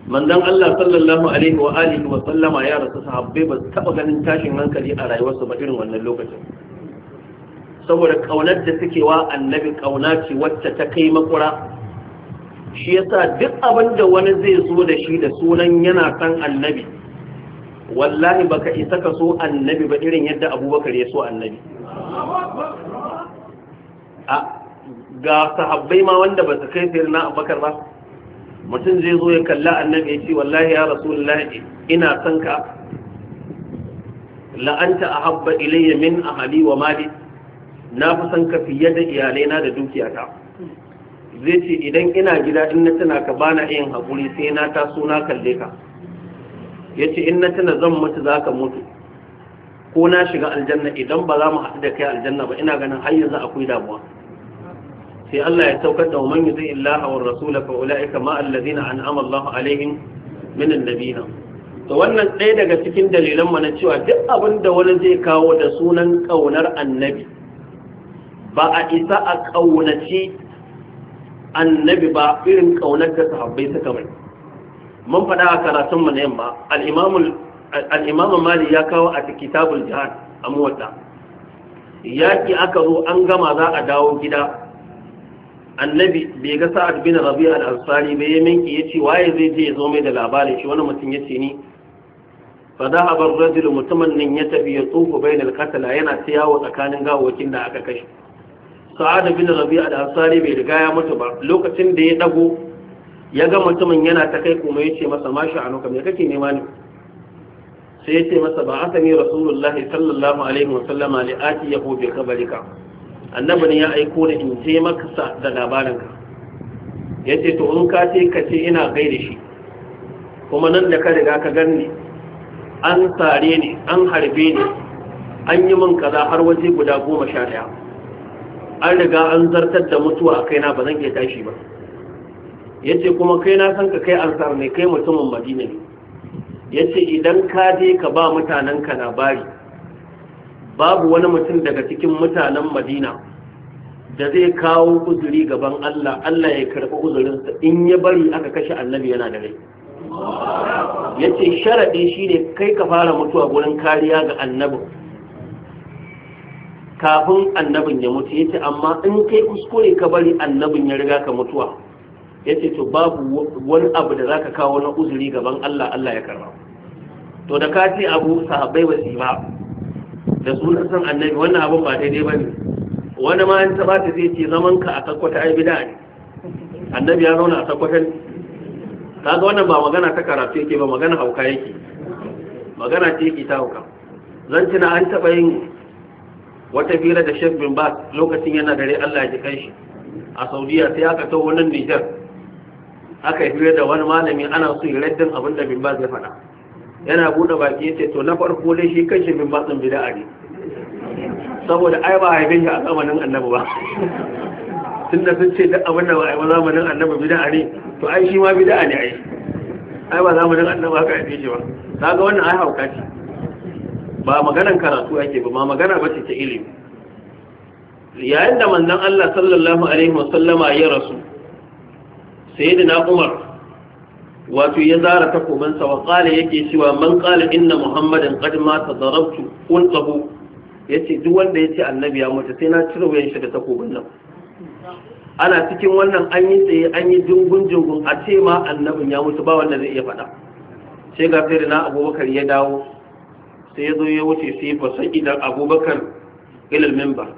manzon Allah sallallahu alaihi wa alihi wa sallama ya rasu sahabbai ba su taba ganin tashin hankali a rayuwarsu ba irin wannan lokacin saboda kaunar da suke wa annabi kauna ce wacce ta kai makura shi yasa duk abin da wani zai so da shi da sunan yana san annabi wallahi baka isa ka so annabi ba irin yadda abubakar ya so annabi ga sahabbai ma wanda ba su kai sayar na abakar ba mutum zai zo ya kalla annabi ya ce wallahi ya rasulullahi ina son ka la'anta Habba ilayya min ahli wa mali na fi son ka fiye da iyalaina da dukiyata zai ce idan ina gida in na tuna ka bana yin haƙuri sai na taso na kalle ka ya ce in na tuna zan mutu za ka mutu ko na shiga aljanna idan ba za mu haɗu da kai aljanna ba ina ganin har yanzu akwai damuwa sai Allah ya saukar da man yuzi illaha war rasul fa ulaika ma alladhina an'ama Allah alaihim min annabiyina to wannan ɗaya daga cikin dalilan mu na cewa duk abin da wani zai kawo da sunan kaunar annabi ba a isa a kaunaci annabi ba irin kaunar da sahabbai suka mai mun faɗa a karatun mu na yamma al-imamu mali ya kawo a kitabul jihad a muwatta yaki aka zo an gama za a dawo gida annabi bai ga sa'ad bin rabi'a al-ansari bai yamin ki yace waye zai je ya zo mai da labarin shi wani mutum yace ni fa dhahaba ar-rajul mutumin nan ya tafi ya tsufu bain al-qatala yana ta yawo tsakanin gawokin da aka kashe sa'ad bin rabi'a al-ansari bai riga ya mutu ba lokacin da ya dago ya ga mutumin yana ta kai kuma yace masa mashi kam me kake nema ni sai yace masa ba aka ni rasulullahi sallallahu alaihi wasallama li yahu bi kabarika annabi ne ya aiko ni in je maka da labarinka ya ce to in ka ce ka ce ina gaida shi kuma nan da ka riga ka ganni an tsare ni an harbe ni an yi min kaza har waje guda goma sha ɗaya an riga an zartar da mutuwa a kaina ba zan iya tashi ba ya ce kuma kai na san ka kai ansar ne kai mutumin madina ne ya ce idan ka je ka ba mutanenka labari babu wani mutum daga cikin mutanen madina da zai kawo uzuri gaban Allah Allah ya karɓi uzurinsa in ya bari aka kashe annabi yana da rai ya ce sharaɗi shi ne kai ka fara mutuwa gurin kariya ga annabin kafin annabin ya mutu ya ce amma in kai kuskure ka bari annabin ya riga ka mutuwa ya ce to babu wani abu da za ka kawo na uzuri gaban Allah Allah ya karɓa to da ka ce abu sahabbai ba su yi ba da sunan san annabi wannan abin ba daidai ba ne wani ma an taɓa ta zai ce zaman ka a sakwata ai bida ne annabi ya zauna a sakwata ne kaga wannan ba magana ta karatu yake ba magana hauka yake magana ce yake ta hauka zan tuna an taɓa yin wata fira da shek bin bas lokacin yana dare allah ya ji kai shi a saudiya sai aka tau wannan nijar aka yi fira da wani malami ana so yi raddin abin da bin bas ya faɗa yana buɗe baki ya ce to na farko dai shi kanshi min matsin bida'a ne saboda ai ba haife shi a zamanin annabi ba tun da sun ce duk abin da ba a yi zamanin annabi bida'a ne to ai shi ma bida'a ne ai ai ba zamanin annabi haka yi shi ba kaga wannan ai hauka ce ba maganan karatu ake ba ma magana ba ce ta ilimi yayin da manzon Allah sallallahu alaihi wasallama ya rasu sayyidina Umar wato ya zara takomansa wa kala yake cewa man kala inna muhammadin qad mata darabtu qultahu yace duk wanda yace annabi ya mutu sai na cire wayan shi da takobin nan ana cikin wannan an yi tsaye an yi dungun jungun a ce ma annabin ya mutu ba wanda zai iya faɗa sai ga fere na abubakar ya dawo sai ya zo ya wuce sai fa sai idan abubakar ilal ba.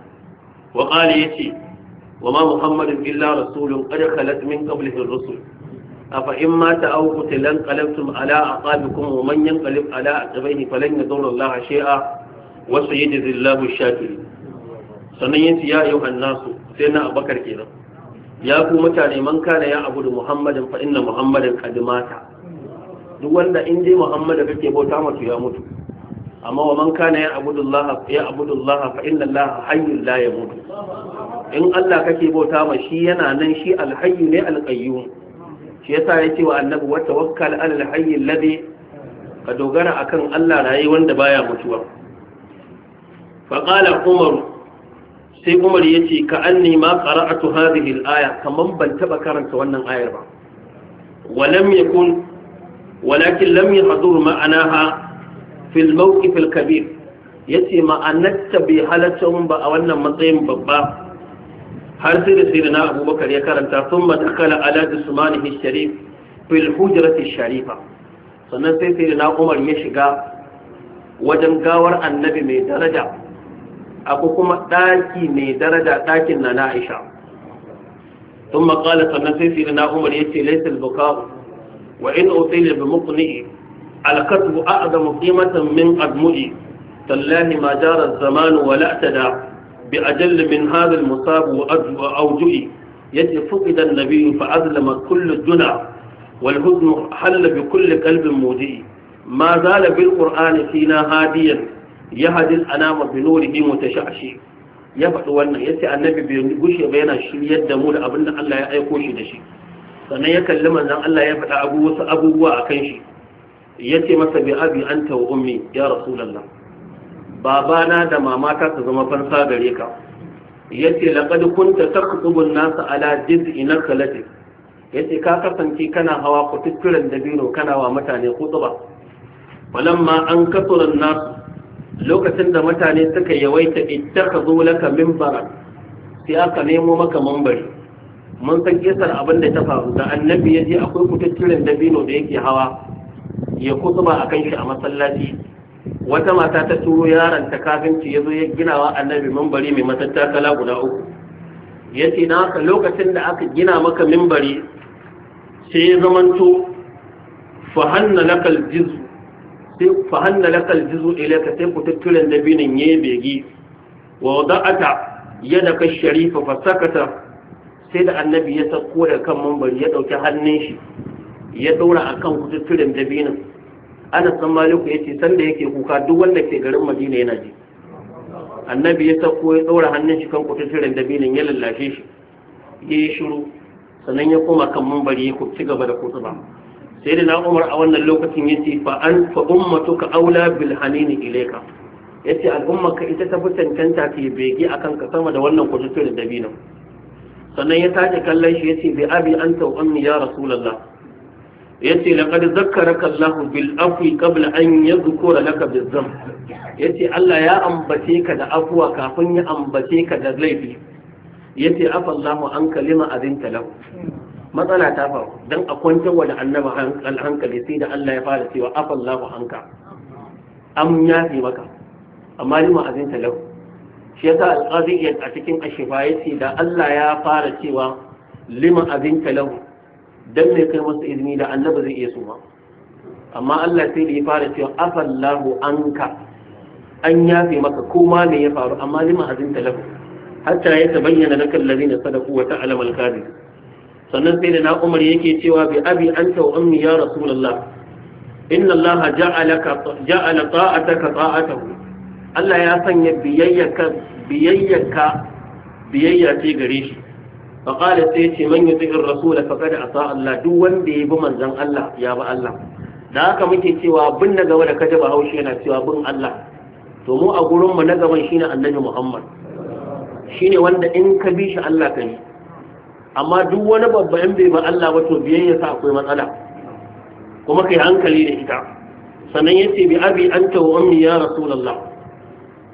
wa kala yace wa ma muhammadin illa rasulun qad khalat min qablihi rusul afa in mata aw qutilan qalabtum ala aqabikum wa man yanqalib ala aqabihi falan yadurra Allah shay'a wa sayajzi Allahu shakirin sannan ya ayyuhan nasu sai na Abakar kenan ya ku mutane man kana ya abudu Muhammadin fa inna Muhammadan qad mata duk wanda in dai Muhammad kake bauta masu ya mutu amma wa man kana ya abudullah ya abudullah fa inna allaha hayyul la yamut in Allah kake bauta ma shi yana nan shi alhayyu ne alqayyum shi yasa ya ce wa annabi wa tawakkal alal hayy alladhi ka dogara akan Allah rayi wanda baya mutuwa fa qala umar sai umar yace ka anni ma qara'atu hadhihi al-aya kaman ban taba karanta wannan ayar ba walam yakun walakin lam yahdur ma'anaha fil mawqif al-kabir yace ma'anarta bai halatta ba a wannan matsayin babba har sai da sayyidina abubakar ya karanta thumma dakala ala usmanihi sharif fil hujrati sharifa sannan sai sayyidina umar ya shiga wajen gawar annabi mai daraja abu kuma daki mai daraja dakin na Aisha thumma qala sannan sai sayyidina umar yace laysa al-buka wa in utila bi muqni al-katbu a'zamu qimatan min admu'i tallahi ma jara az-zamanu wa la بأجل من هذا المصاب وأوجئي يجي فقد النبي فأظلم كل جنع والهدن حل بكل قلب موجئي ما زال بالقرآن فينا هاديا يهدي الأنام بنوره متشعشي يبدو وأن يسي النبي بيقوش بين الشيء يدمو لأبن الله يقوش دشي فأنا يكلم أن الله يبدع أبوه أبوه أكنشي يتي مثل بأبي أنت وأمي يا رسول الله babana da mamata su zama fansa gare ka yace laqad kunta taqtubun nas ala jiz'in khalati yace ka kasance kana hawa da dabino kana wa mutane kutuba walamma an kasuran nas lokacin da mutane suka yawaita ittakhadhu laka minbara sai aka nemo maka mambari mun san kisar abin da ta faru da annabi ya je akwai kututturen dabino da yake hawa ya kutuba akan shi a masallaci wata mata ta turo yaron ta kafinci ya zo ya gina wa annabi mambari mai kala guda uku ya ce na haka lokacin da aka gina maka mimbari sai ya zamanto fahanna lakal jizu sai fahanna lakal jizu ilaka sai ku da binin ya begi wa wada'ata ka sharifa fasakata sai da annabi ya sako da kan mambari ya ɗauki hannun shi ya daura akan kututturen dabinin anas san maliku yace sanda yake kuka duk wanda ke garin madina yana ji annabi ya sauko ya tsora hannun shi kan da dabinin ya lallashe shi ya yi shiru sannan ya koma kan mambari ya ci gaba da kutuba sai da na umar a wannan lokacin ya ce fa an ummatu ka aula bil hanini yace ya ce al'ummarka ita ta fi cancanta ta bege a kanka sama da wannan da dabinin sannan ya tashi kallon shi ya ce bi abi an ta ummi ya rasulallah Ya ce laqad zakkaraka Allah bil afwi qabla an yadhkura laka bil zam ce Allah ya ambace ka da afuwa kafin ya ambace ka da laifi Ya ce afa Allah an kalima azinta lahu matsala ta faru don a kwantar wa da annaba hankali sai da Allah ya fara cewa afa Allah anka am yafi maka amma lima azinta lahu shi ya yasa alqadi a cikin ashifa yace da Allah ya fara cewa lima azinta lahu dan mai kai masa izini da annaba zai iya suma amma Allah sai da ya fara cewa afallahu anka an yafe maka koma ne ya faru amma lima azin talafu hatta ya tabayyana laka allazina sadaqu wa ta'lam al-kadhib sannan sai da na Umar yake cewa bi abi an wa ummi ya rasulullah inna Allah ja'alaka ja'ala ta'ataka ta'atahu Allah ya sanya biyayyaka biyayyaka biyayya ce gare shi فقال سيتي من يطيع الرسول فقد أطاع الله دو wanda ya bi manzon Allah ya bi Allah da haka muke cewa bin na gaba da kaje ba haushi yana cewa bin Allah to mu a gurin mu na gaban shine Annabi Muhammad shine wanda in ka bi shi Allah ka yi amma duk wani babba in bai ba Allah ba to biyayya sa akwai matsala kuma kai hankali da ita sannan yace bi abi anta wa ummi ya rasulullah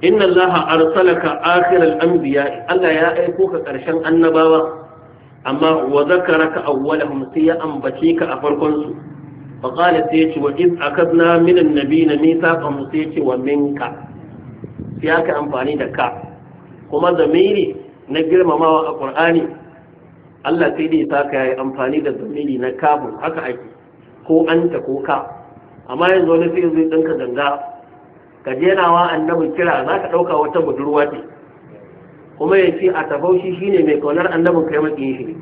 inna allaha arsalaka akhiral anbiya Allah ya aiko ka karshen annabawa amma wa zakaraka awwalahum sai ya ambace ka a farkon su fa qala sai yace wa iz akadna min annabiyina mithaqan sai yace wa minka sai aka amfani da ka kuma zamiri na girmamawa a qur'ani Allah sai dai saka yayi amfani da zamiri na kafin haka ake ko anta ko ka amma yanzu wani sai zai danka ganga ka nawa annabi kira za ka ɗauka wata budurwa ce kuma ya ce a tafaushi shine mai kaunar annabin kai maki shi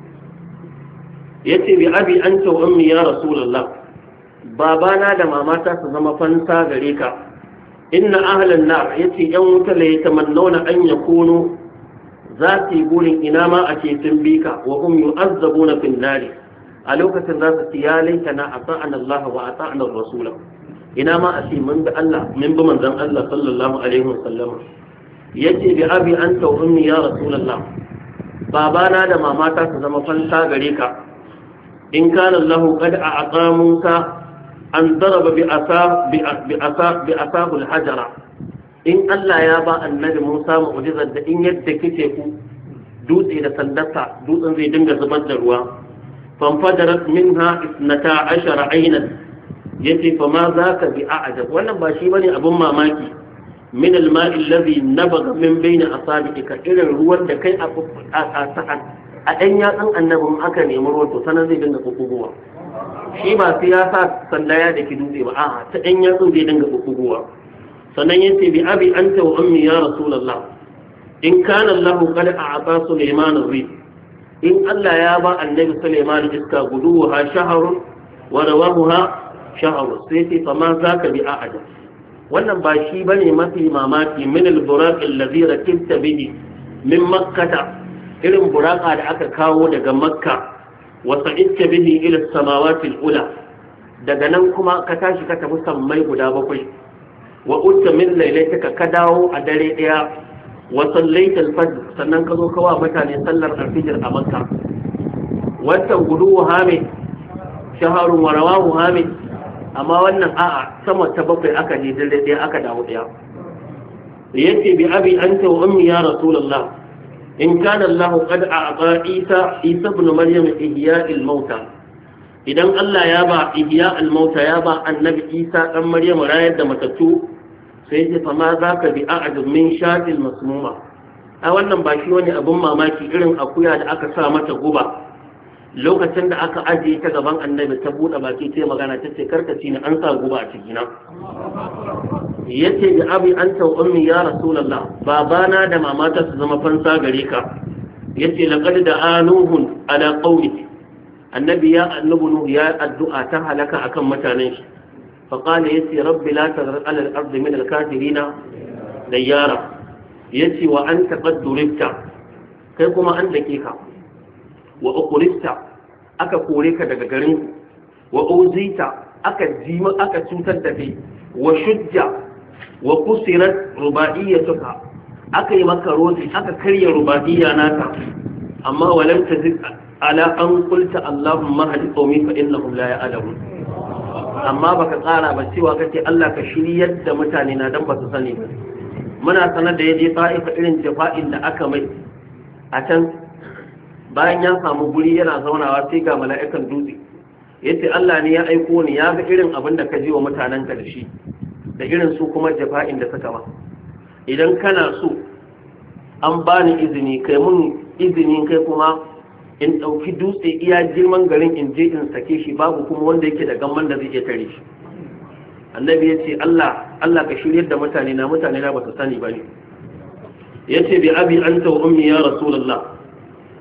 ya ce bi abi an ce wa ya rasulallah babana da mamata su zama fanta gare ka inna ahlan nar ya ce yan wuta la ya tamannauna an ya kono za su yi burin ina ma a ce sun bi ka wa yi azzabo na nari a lokacin za su ci ya laita na a sa'an Allah wa a sa'an Rasulullah ina ma a ce mun bi Allah mun bi manzon Allah sallallahu alaihi wasallam yace bi abi anta wa ummi ya rasulullah babana da mamata su zama fanta gare ka in kana Allah qad a'aqamuka an daraba bi asa bi asa bi asabul hajara in Allah ya ba annabi Musa mu'jizar da in yadda kike ku dutse da sandarsa dutsen zai dinga zubar da ruwa fanfadarat minha 12 aynan Ya ce fa ma ka bi a'jab wannan ba shi ba ne, abin mamaki min al-ma'i alladhi nabaga min bayni ka irin ruwan da kai a a dan yatsan annabin aka nemi ruwan to sanan zai dinga kokowa shi ba sai ya sa sanda ya ki dutse ba a'a ta dan yatsun zai dinga kokowa sannan ce bi abi anta wa ummi ya rasulullah in kana Allah qad a'ata Sulaiman ar in Allah ya ba annabi Sulaiman iska guduwa shahrun wa rawahuha sha'awar sai sai fa ma za ka bi ahada wannan ba shi ba ne mafi mamaki min al-buraq allazi rakibta bihi min makkata irin buraka da aka kawo daga makka wa sa'idta bihi ila samawati al-ula daga nan kuma ka tashi ka tafi sammai guda bakwai wa utta min lailaitaka ka dawo a dare daya wa sallaita al-fajr sannan ka zo ka wa mutane sallar al-fajr a makka watan gudu wa hame shaharun wa rawahu amma wannan a'a sama ta bakwai aka je dare ɗaya aka dawo ɗaya yace bi abi anta wa ummi ya rasulullah in kana Allah qad a'ta Isa Isa ibn Maryam ihya al-mauta idan Allah ya ba ihya al-mauta ya ba annabi Isa dan Maryam rayar da matattu sai ya fa ma zaka bi a'jab min shatil masmuma a wannan ba shi wani abin mamaki irin akuya da aka sa mata guba lokacin da aka ajiye ta gaban annabi ta buɗe baki ta magana ta ce karka ci ni an sa guba a ciki na yace da abi an ta ummi ya rasulullah babana da mamata su zama fansa gare ka yace laqad da anuhun ala qawli annabi ya annabu nuhu ya addu'a ta halaka akan mutanen shi fa qala yace rabbi la tazar ala al-ard min al-kafirina dayyara yace wa anta qad duribta kai kuma an dake ka wa ukurista aka kore ka daga garin wa uzaita aka jima aka cutar da kai wa shujja wa kusirat rubaiyatuka aka yi maka rozi aka karya rubaiya naka amma walam tazik ala an qulta allahumma hadi qawmi fa innahum la ya'lamun amma baka tsara ba cewa kace Allah ka shiryar da mutane na dan ba su sani ba muna sanar da yaje ta'ifa irin jafa'in da aka mai a can bayan ya samu guri yana zaunawa sai ga mala'ikan dutse yace Allah ne ya aiko ni ya ga irin abin da ka ji wa mutanen ka da shi da irin su kuma jafa'in da suka ba idan kana so an bani izini kai mun izini kai kuma in ɗauki dutse iya girman garin in je in sake shi babu kuma wanda yake da gamman da zai iya tare shi annabi ya ce Allah Allah ka shiryar da mutane na mutane na ba su sani ba ne yace ce bi abi anta wa ummi ya rasulullah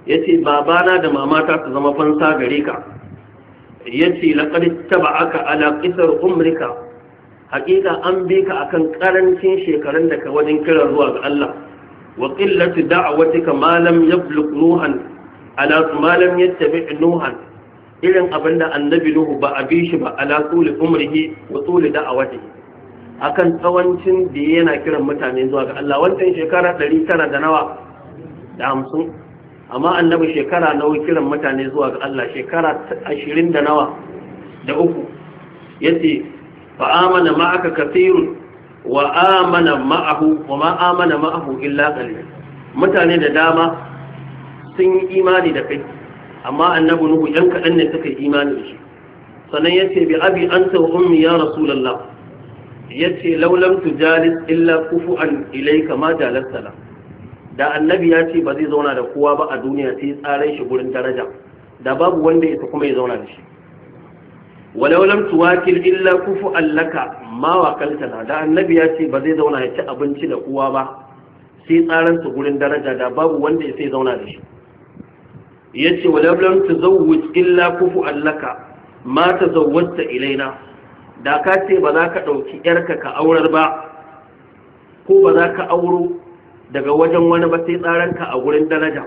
ya ce babana da mamata su zama fansa gare ka ya ce ta taba aka alaƙisar umrika haƙiƙa an bi ka akan ƙarancin shekarun da ka wajen kira zuwa ga Allah wa qillati da'awatika malam ya yablugh nuhan ala malam ya tabi nuhan irin abinda annabi nuhu ba a bi shi ba ala tuli umrihi wa tuli da'awatihi akan tsawancin da yana kiran mutane zuwa ga Allah wancan shekara 900 da nawa da 50 amma annabi shekara nawa kiran mutane zuwa ga Allah shekara ashirin da nawa da uku yace fa amana ma'aka kathirun wa amana ma'ahu wa ma amana ma'ahu illa qalil mutane da dama sun yi imani da kai amma annabi nuhu yan kaɗan ne suka yi imani da shi sannan ce, bi abi anta wa ummi ya rasulullah yace law lam tujalis illa kufu'an ilayka ma jalasta da annabi ya ce ba zai zauna da kowa ba a duniya sai tsaran shi gurin daraja da babu wanda ya kuma ya zauna da shi walau lam tuwakil illa kufu allaka ma wakaltana da annabi ya ce ba zai zauna ya ci abinci da kowa ba sai tsaran su gurin daraja da babu wanda ya sai zauna da shi yace walau lam tuzawwij illa kufu allaka ma tazawwajta ilaina da ka ce ba za ka dauki yarka ka aurar ba ko ba za ka auro daga wajen wani ba sai tsaranka a gurin daraja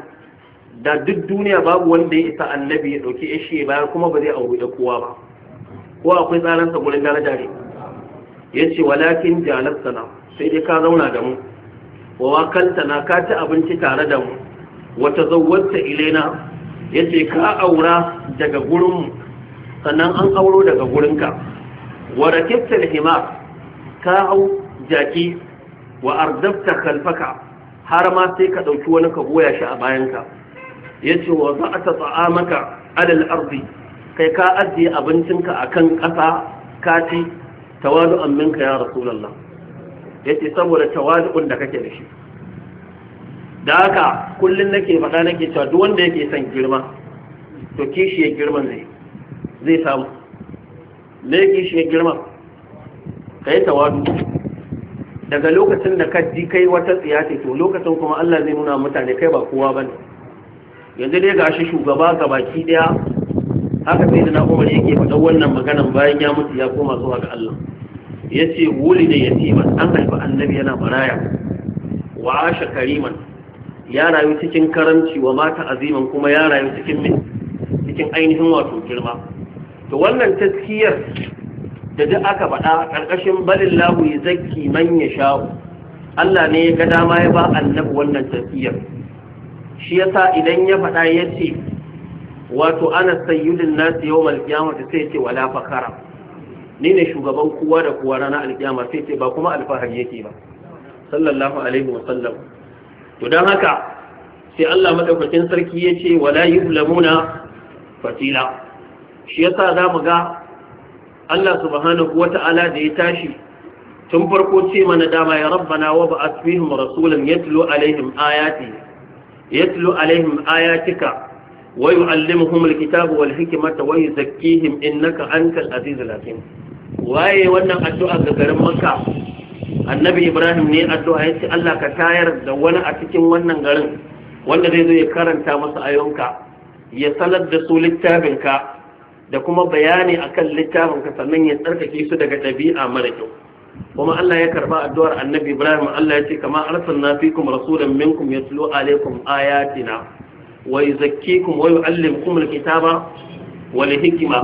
da duk duniya babu wanda ya isa annabi ya ɗauki ishe bayan kuma ba zai auri kowa ba ko akwai tsaransa gurin daraja ne ya ce walakin jalassana sai dai ka zauna da mu wa kanta na ka ci abinci tare da mu wata zawwata ilena ya ce ka aura daga gurin mu sannan an auro daga gurinka wa rakibta himar ka hau jaki wa ardabta kalfaka har ma sai ka ɗauki wani ka goya shi a bayanka ya ce wa za a tsa'a maka alal arzi kai ka ajiye abincinka a kan ƙasa ka ci tawadu amminka ya rasulallah ya ce saboda tawadu'un da kake da shi da haka kullum nake faɗa nake cewa duk wanda yake son girma to kishi ya girman ne zai samu me kishi ya girma kai tawadu daga lokacin da ka ji kai wata tsiya ce to lokacin kuma Allah zai nuna mutane kai ba kowa bane yanzu dai gashi shugaba ga baki daya haka sai da na Umar yake faɗa wannan magana bayan ya mutu ya koma zuwa ga Allah yace wuli da yatiman an haifa annabi yana baraya wa asha kariman ya rayu cikin karamci wa mata aziman kuma ya rayu cikin cikin ainihin wato girma to wannan taskiyar da duk aka faɗa ƙarƙashin balin lahu ya zaki man ya sha'u Allah ne ya ga dama ya ba annabi wannan tafiyar shi yasa idan ya faɗa ya ce wato ana sayyidin nasu yau malkiyama ta sai ce wala fakara ni ne shugaban kowa da kowa ranar alkiyama sai ce ba kuma alfahari yake ba sallallahu alaihi wa sallam to don haka sai Allah madaukakin sarki ya ce wala yuzlamuna fatila shi yasa za mu ga Allah subhanahu wata'ala da ya tashi tun farko ce mana dama ya rabbana wa ba'ath fihim rasulan yatlu alaihim ayati yatlu alaihim ayatika wa yu'allimuhum alkitaba wal hikmata wa yuzakkihim innaka antal azizul hakim waye wannan addu'a ga garin makka annabi ibrahim ne addu'a yace Allah ka tayar da wani a cikin wannan garin wanda zai zo ya karanta masa ayonka ya sanar da su littafinka da kuma bayani akan littafin ka sannan ya tsarkake su daga ɗabi'a mara kyau kuma Allah ya karba addu'ar Annabi Ibrahim Allah ya ce kama arsalna fikum rasulan minkum yatlu alaykum ayatina wa yuzakkikum wa yuallimukum alkitaba wal hikma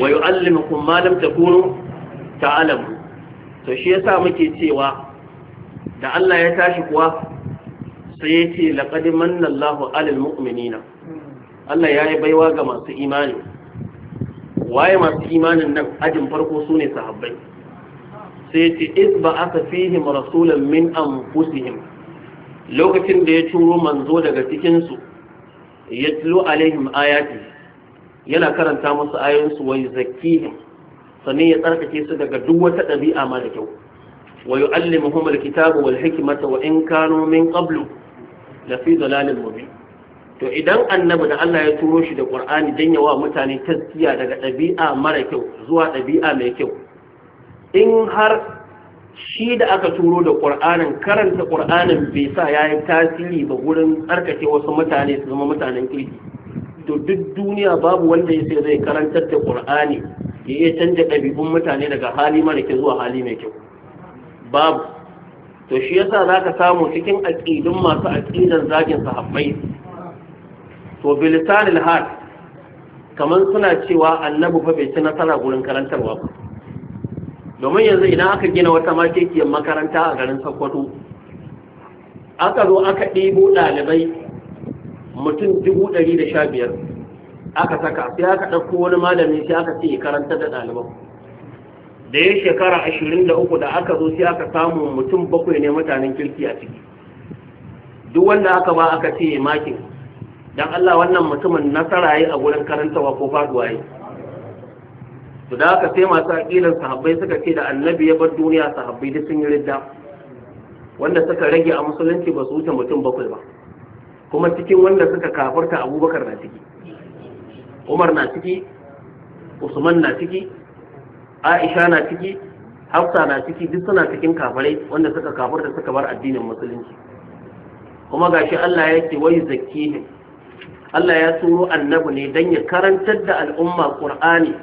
wa yuallimukum ma lam takunu ta'lamun to shi yasa muke cewa da Allah ya tashi kuwa sai ya ce laqad manna Allahu alal mu'minina Allah ya yi baiwa ga masu imani waye masu imanin nan ajin farko su ne sahabbai sai ce is ba aka fihim rasulan min anfusihim lokacin da ya turo manzo daga cikinsu ya tilo alaihim ayati yana karanta musu ayoyinsu wai zakihim sannan ya tsarkake su daga duk wata ɗabi'a mara kyau wa yu'allimuhum alkitaba wal hikmata wa in kanu min qablu lafi dalalin mubin to idan annabi da Allah ya turo shi da Qur'ani dan yawa mutane taskiya daga ɗabi'a mara kyau zuwa ɗabi'a mai kyau in har shi da aka turo da Qur'anin karanta Qur'anin bai sa yayi tasiri ba gurin tsarkake wasu mutane su zama mutanen kirki to duk duniya babu wanda ya sai zai karantar da Qur'ani ya iya canja ɗabi'un mutane daga hali mara kyau zuwa hali mai kyau babu to shi yasa zaka samu cikin aqidun masu aqidan zagin sahabbai to bilisanil hal kamar suna cewa annabi fa bai ci nasara gurin karantarwa ba domin yanzu idan aka gina wata makekiyar makaranta a garin Sokoto aka zo aka ɗibo ɗalibai mutum dubu ɗari da sha biyar aka saka sai aka ɗauko wani malami sai aka ce karanta da ɗaliban da ya shekara ashirin da uku da aka zo sai aka samu mutum bakwai ne mutanen kirki a ciki duk wanda aka ba aka ce makin dan Allah wannan mutumin nasara yi a gurin karantawa ko faduwa yi to da aka sai masu aqilan sahabbai suka ce da annabi ya bar duniya sahabbai duk sun yi ridda wanda suka rage a musulunci ba su wuce mutum bakwai ba kuma cikin wanda suka kafarta abubakar na ciki umar na ciki usman na ciki aisha na ciki hafsa na ciki duk suna cikin kafarai wanda suka kafarta suka bar addinin musulunci kuma gashi Allah yake wai zakki ne Allah ya turo annabi ne don ya karantar da al'umma Al-Ƙur'ani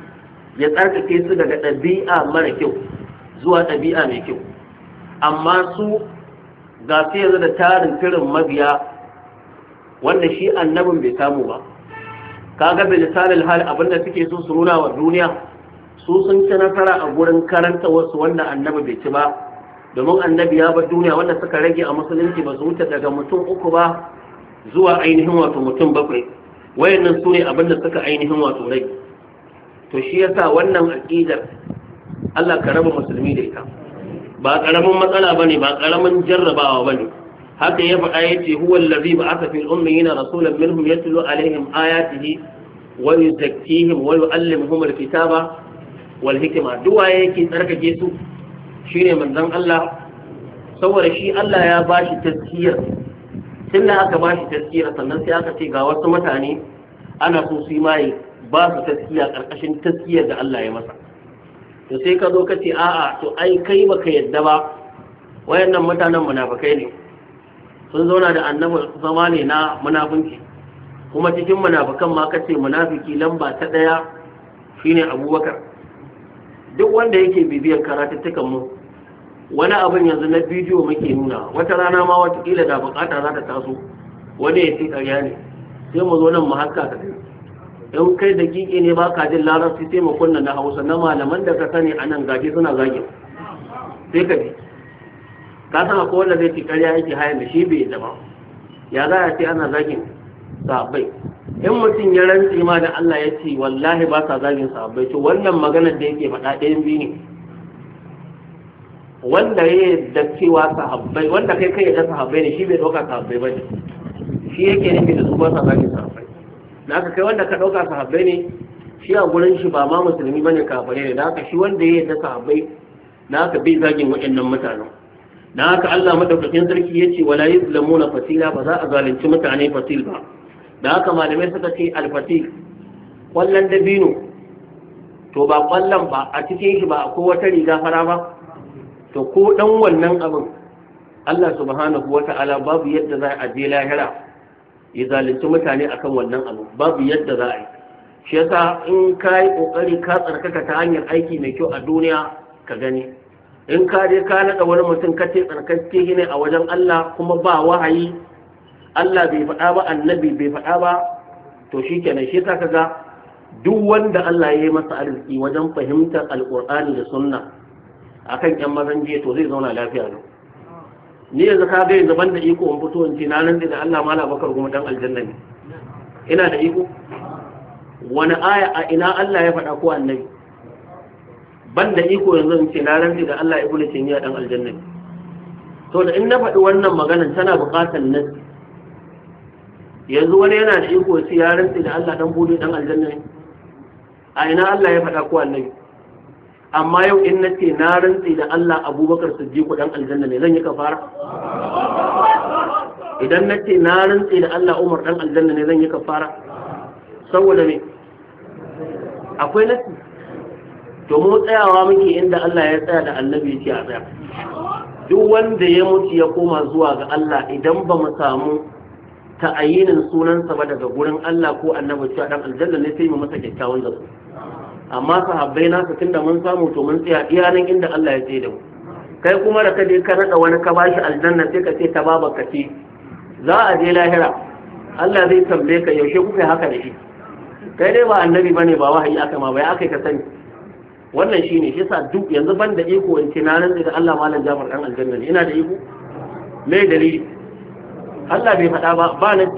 ya tsarkake su daga ɗabi'a mara kyau zuwa ɗabi'a mai kyau amma su ga su yanzu da tarin firin mabiya wanda shi annabin bai samu ba kaga bai lisanin hal abinda suke so su nuna wa duniya su sun ci nasara a gurin karanta wasu wanda annabi bai ci ba domin annabi ya bar duniya wanda suka rage a musulunci ba su wuce daga mutum uku ba zuwa ainihin wato mutum bakwai wayannan su ne abinda suka ainihin wato rai to shi yasa wannan aqidar Allah ka raba musulmi da ita ba karamin matsala bane ba karamin jarrabawa bane haka ya faɗa yace huwa allazi ba'atha fil ummiyina rasulan minhum yatlu alaihim ayatihi wa yuzakkihim wa yuallimuhum alkitaba wal hikma duwa yake tsarkake su shine manzon Allah saboda shi Allah ya bashi tazkiyar tun da aka ba shi taskira sannan sai aka ce ga wasu mutane ana so su yi maye ba su taskiya ƙarƙashin taskiyar da Allah ya masa to sai ka zo ka ce a'a to ai kai baka yadda ba wayannan mutanen munafikai ne sun zauna da annabi zama ne na munafunci kuma cikin munafikan ma ka ce munafiki lamba ta ɗaya shine abubakar duk wanda yake bibiyar karatuttukan mu wani abin yanzu na bidiyo muke nuna wata rana ma watakila da bukata za ta taso wani ya ce ƙarya ne sai mu zo nan mu haska ka in kai da kike ne baka jin larabci sai mu kunna na hausa na malaman da ka sani a nan gaji suna zagin sai ka ji ka san akwai wanda zai ce ƙarya yake haya da shi bai da ba ya za a ce ana zagin sabai in mutum ya rantse ma da Allah ya ce wallahi ba sa zage sabai to wannan maganar da yake faɗa ɗayan biyu ne wanda ya yadda cewa sahabbai wanda kai kai yadda sahabbai ne shi bai ɗauka sahabbai ba shi yake nufi da su ba sa zaki sahabbai da aka kai wanda ka ɗauka sahabbai ne shi a gurin shi ba ma musulmi bane kafare ne da haka shi wanda ya yadda sahabbai da haka bai zagin waɗannan mutanen da haka Allah madaukakin sarki ya ce wala yuzlamuna fasila ba za a zalunci mutane fasil ba da haka malamai suka ce alfasil kwallon dabino to ba kwallon ba a cikin shi ba akwai wata riga fara ba to ko dan wannan abin Allah subhanahu ta'ala babu yadda za a je lahira ya zalunci mutane akan wannan abu babu yadda za a yi shi yasa in ka yi kokari ka tsarkaka ta hanyar aiki mai kyau a duniya ka gani in ka je ka naɗa wani mutum ka ce tsarkake ne a wajen Allah kuma ba wahayi Allah bai faɗa ba annabi bai faɗa ba to shi kenan shi ka kaga duk wanda Allah ya yi masa arziki wajen fahimtar alƙur'ani da sunna akan yan mazan jiya to zai zauna lafiya ne ni yanzu ka ga yanzu banda iko in fito in ce na nan da Allah mala bakar kuma dan aljanna ne ina da iko wani aya a ina Allah ya faɗa ko annabi banda iko yanzu in ce na nan da Allah ibnu taymiya dan aljanna ne to da in na faɗi wannan maganar tana buƙatar nan. yanzu wani yana da iko ce ya rantsi da Allah dan bude dan aljanna ne a ina Allah ya faɗa ko annabi amma yau in na ce na rantse da Allah abubakar ji dan aljanna ne zan yi kafara idan na ce na rantse da Allah umar dan aljanna ne zan yi kafara saboda me akwai nasi domin tsayawa muke inda Allah ya tsaya da annabi ya ce a tsaya duk wanda ya mutu ya koma zuwa ga Allah idan ba mu samu ta'ayinin sunansa ba daga gurin Allah ko annabi cewa dan aljanna ne sai mu masa kyakkyawan zato amma sahabbai nasu tun da mun samu to mun tsaya nan inda Allah ya tsaye da mu kai kuma da ka je ka naɗa wani ka bashi aljanna sai ka ce ta baba ka ce za a je lahira Allah zai tambaye ka yaushe kuka haka da shi kai dai ba annabi bane ba wahayi aka ma bai aka ka sani wannan shine shi yasa duk yanzu ban da iko in ce na nan da Allah malam Jafar dan aljanna ina da iko me dalili Allah bai faɗa ba ba nan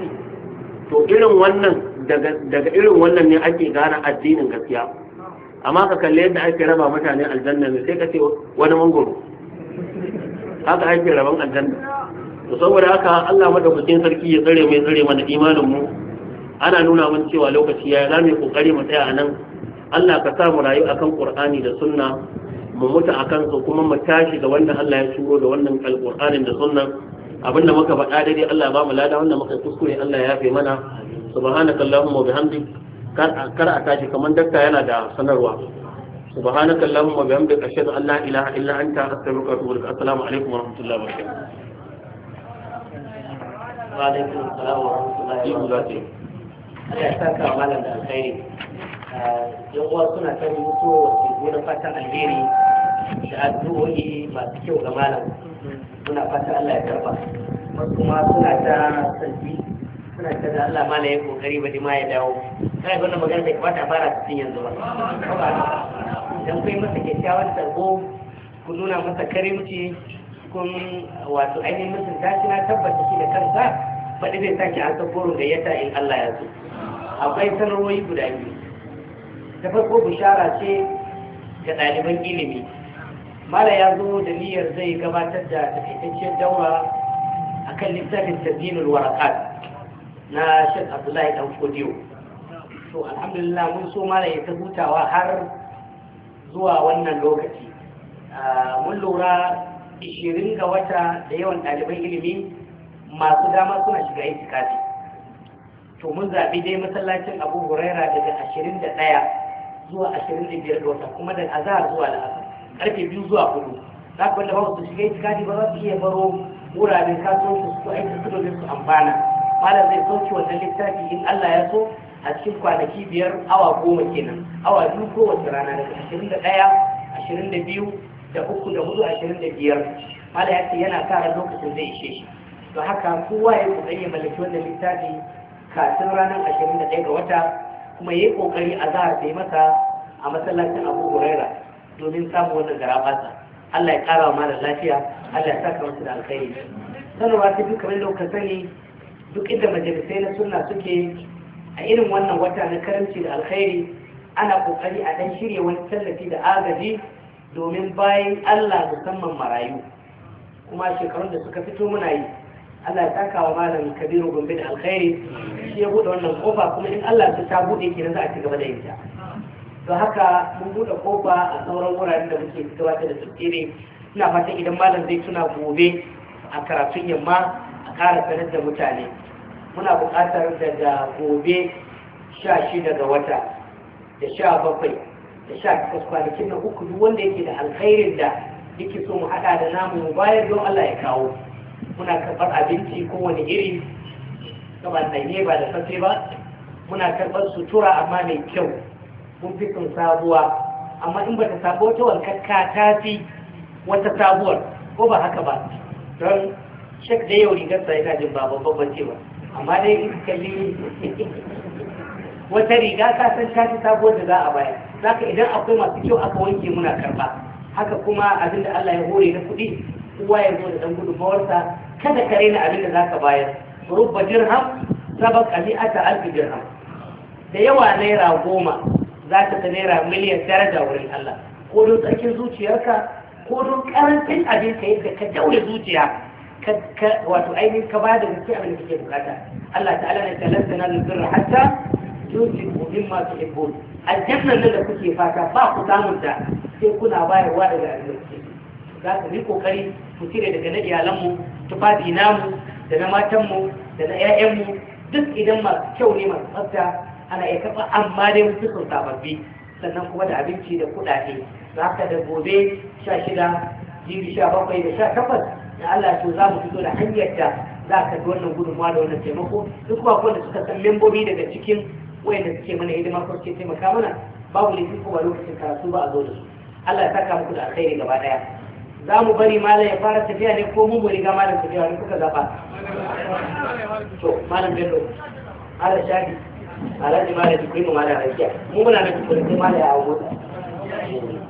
to irin wannan daga irin wannan ne ake gane addinin gaskiya amma ka kalli yadda ake raba mutane aljanna ne sai ka ce wani mangoro haka ake raban aljanna to saboda haka Allah madaukakin sarki ya tsare mai tsare mana imanin mu ana nuna mun cewa lokaci ya za mu kokari mu tsaya anan Allah ka sa mu rayu akan Qur'ani da Sunna mu mutu akan su kuma mu tashi da wanda Allah ya turo da wannan Kur'anin da sunnan abinda muka faɗa dare, Allah ba mu lada wanda muka kuskure Allah ya yafe mana subhanakallahumma wa bihamdika kar a tashi kamar dakta yana da sanarwa subhanaka allahumma bihamdika ashhadu an la ilaha illa anta astaghfiruka wa atubu ilaik assalamu alaikum wa rahmatullahi wa barakatuh wa alaikum assalam wa rahmatullahi wa barakatuh Allah ya saka malam da alkhairi eh, yan uwa suna kan mutu wasiƙu na fatan alheri da addu'o'i masu kyau ga malam suna fatan Allah ya karba kuma suna ta santi suna ce da Allah ya yi kokari ba ma ya dawo kai wannan magana da kamata fara su cin yanzu ba don kai masa kyakkyawan tarbo ku nuna masa karimci kun wato ainihin mutum ta na tabbata shi da kansa faɗi zai sa ki an sabborin gayyata in Allah ya zo. akwai sanarwoyi guda biyu ta farko bishara ce ga ɗaliban ilimi mala ya zo da niyyar zai gabatar da takaitacciyar daura akan littafin tazinul warakat na shek abdullahi dan fodiyo to alhamdulillah mun so mara ya ta hutawa har zuwa wannan lokaci ah, mun lura 20 ga wata da yawan ɗaliban ilimi masu dama suna shiga itikafi to mun zaɓi dai masallacin abu huraira daga 21 zuwa 25 da wata kuma da azahar zuwa la'asar karfe biyu zuwa hudu za ku wanda ba su shiga itikafi ba za su iya baro wuraren kasuwanci su aiki su su amfana malam zai sauke wannan littafi in Allah ya so a cikin kwanaki biyar awa goma kenan awa biyu kowace rana daga ashirin da ɗaya ashirin da biyu da uku da hudu ashirin da biyar malam ya ce yana kara lokacin zai ishe shi to haka kowa ya kokari ya mallaki wannan littafi kafin ranar ashirin da ɗaya ga wata kuma ya yi ƙoƙari a za a masa a masallacin abu huraira domin samun wannan garabata Allah ya ƙara wa Malam lafiya Allah ya saka masa da alkhairi sanarwa ta duka wani lokacin sani duk inda majalisai na suna suke a irin wannan wata na karanci da alkhairi ana kokari a dan shirya wani tallafi da agaji domin bayan Allah musamman marayu kuma shekarun da suka fito muna yi Allah ya taka wa malam Kabiru Gombe da alkhairi shi ya bude wannan kofa kuma in Allah ya ta bude kenan za a ci gaba da yin ta haka mun bude kofa a sauran wuraren da muke gabatar da tsire ina fata idan malam zai tuna gobe a karatun yamma ƙara sanar da mutane muna buƙatar daga gobe sha shida ga wata da sha bakwai da sha takwas kwanakin na uku duk wanda yake da alkhairin da yake so mu haɗa da namu mu bayar don Allah ya kawo muna karɓar abinci kowane iri kamar ne ba da safe ba muna karɓar sutura amma mai kyau mun fi sun sabuwa amma in ba ta sabo ta wanka ta fi wata sabuwar ko ba haka ba don shek da yau sa yana jin ba babban cewa amma dai in kalli wata riga ka san ta fi da za a za zaka idan akwai masu kyau aka wanke muna karba haka kuma abin da Allah ya hore na kuɗi uwa ya zo da dan gudunmawarsa kada ka raina abin da zaka bayar rubba dirham sabaq ata alf dirham da yawa naira goma za ka ta naira miliyan daraja wurin Allah ko don tsarkin zuciyarka ko don karancin abin ka yadda ka daure zuciya wato ainihin ka ba da gaske abin da kake bukata Allah ta'ala ne talanta na lubirra hatta tusibu mimma tuhibbun aljanna nan da kuke fata ba ku samun ta sai kuna bayarwa daga arziki za ku yi kokari ku cire daga na iyalanmu tufafi namu da na matanmu da na 'ya'yanmu duk idan masu kyau ne masu tsafta ana iya taɓa amma dai mutu sun sababbi sannan kuma da abinci da kuɗaɗe za ka da gobe sha shida jibi sha bakwai da sha takwas da Allah to za mu fito da hanyar da za ka ga wannan gudunmawa da wannan taimako duk ba wanda suka san membobi daga cikin wayanda suke mana hidima ko suke taimaka mana babu ne ko ba lokacin karatu ba a zo da su Allah ya saka muku da alkhairi gaba daya za mu bari malam ya fara tafiya ne ko mu mu riga malam tafiya ne kuka zaba to malam bello ala shadi ala malam da kuma malam rakiya mu muna da kuma malam ya hawo mota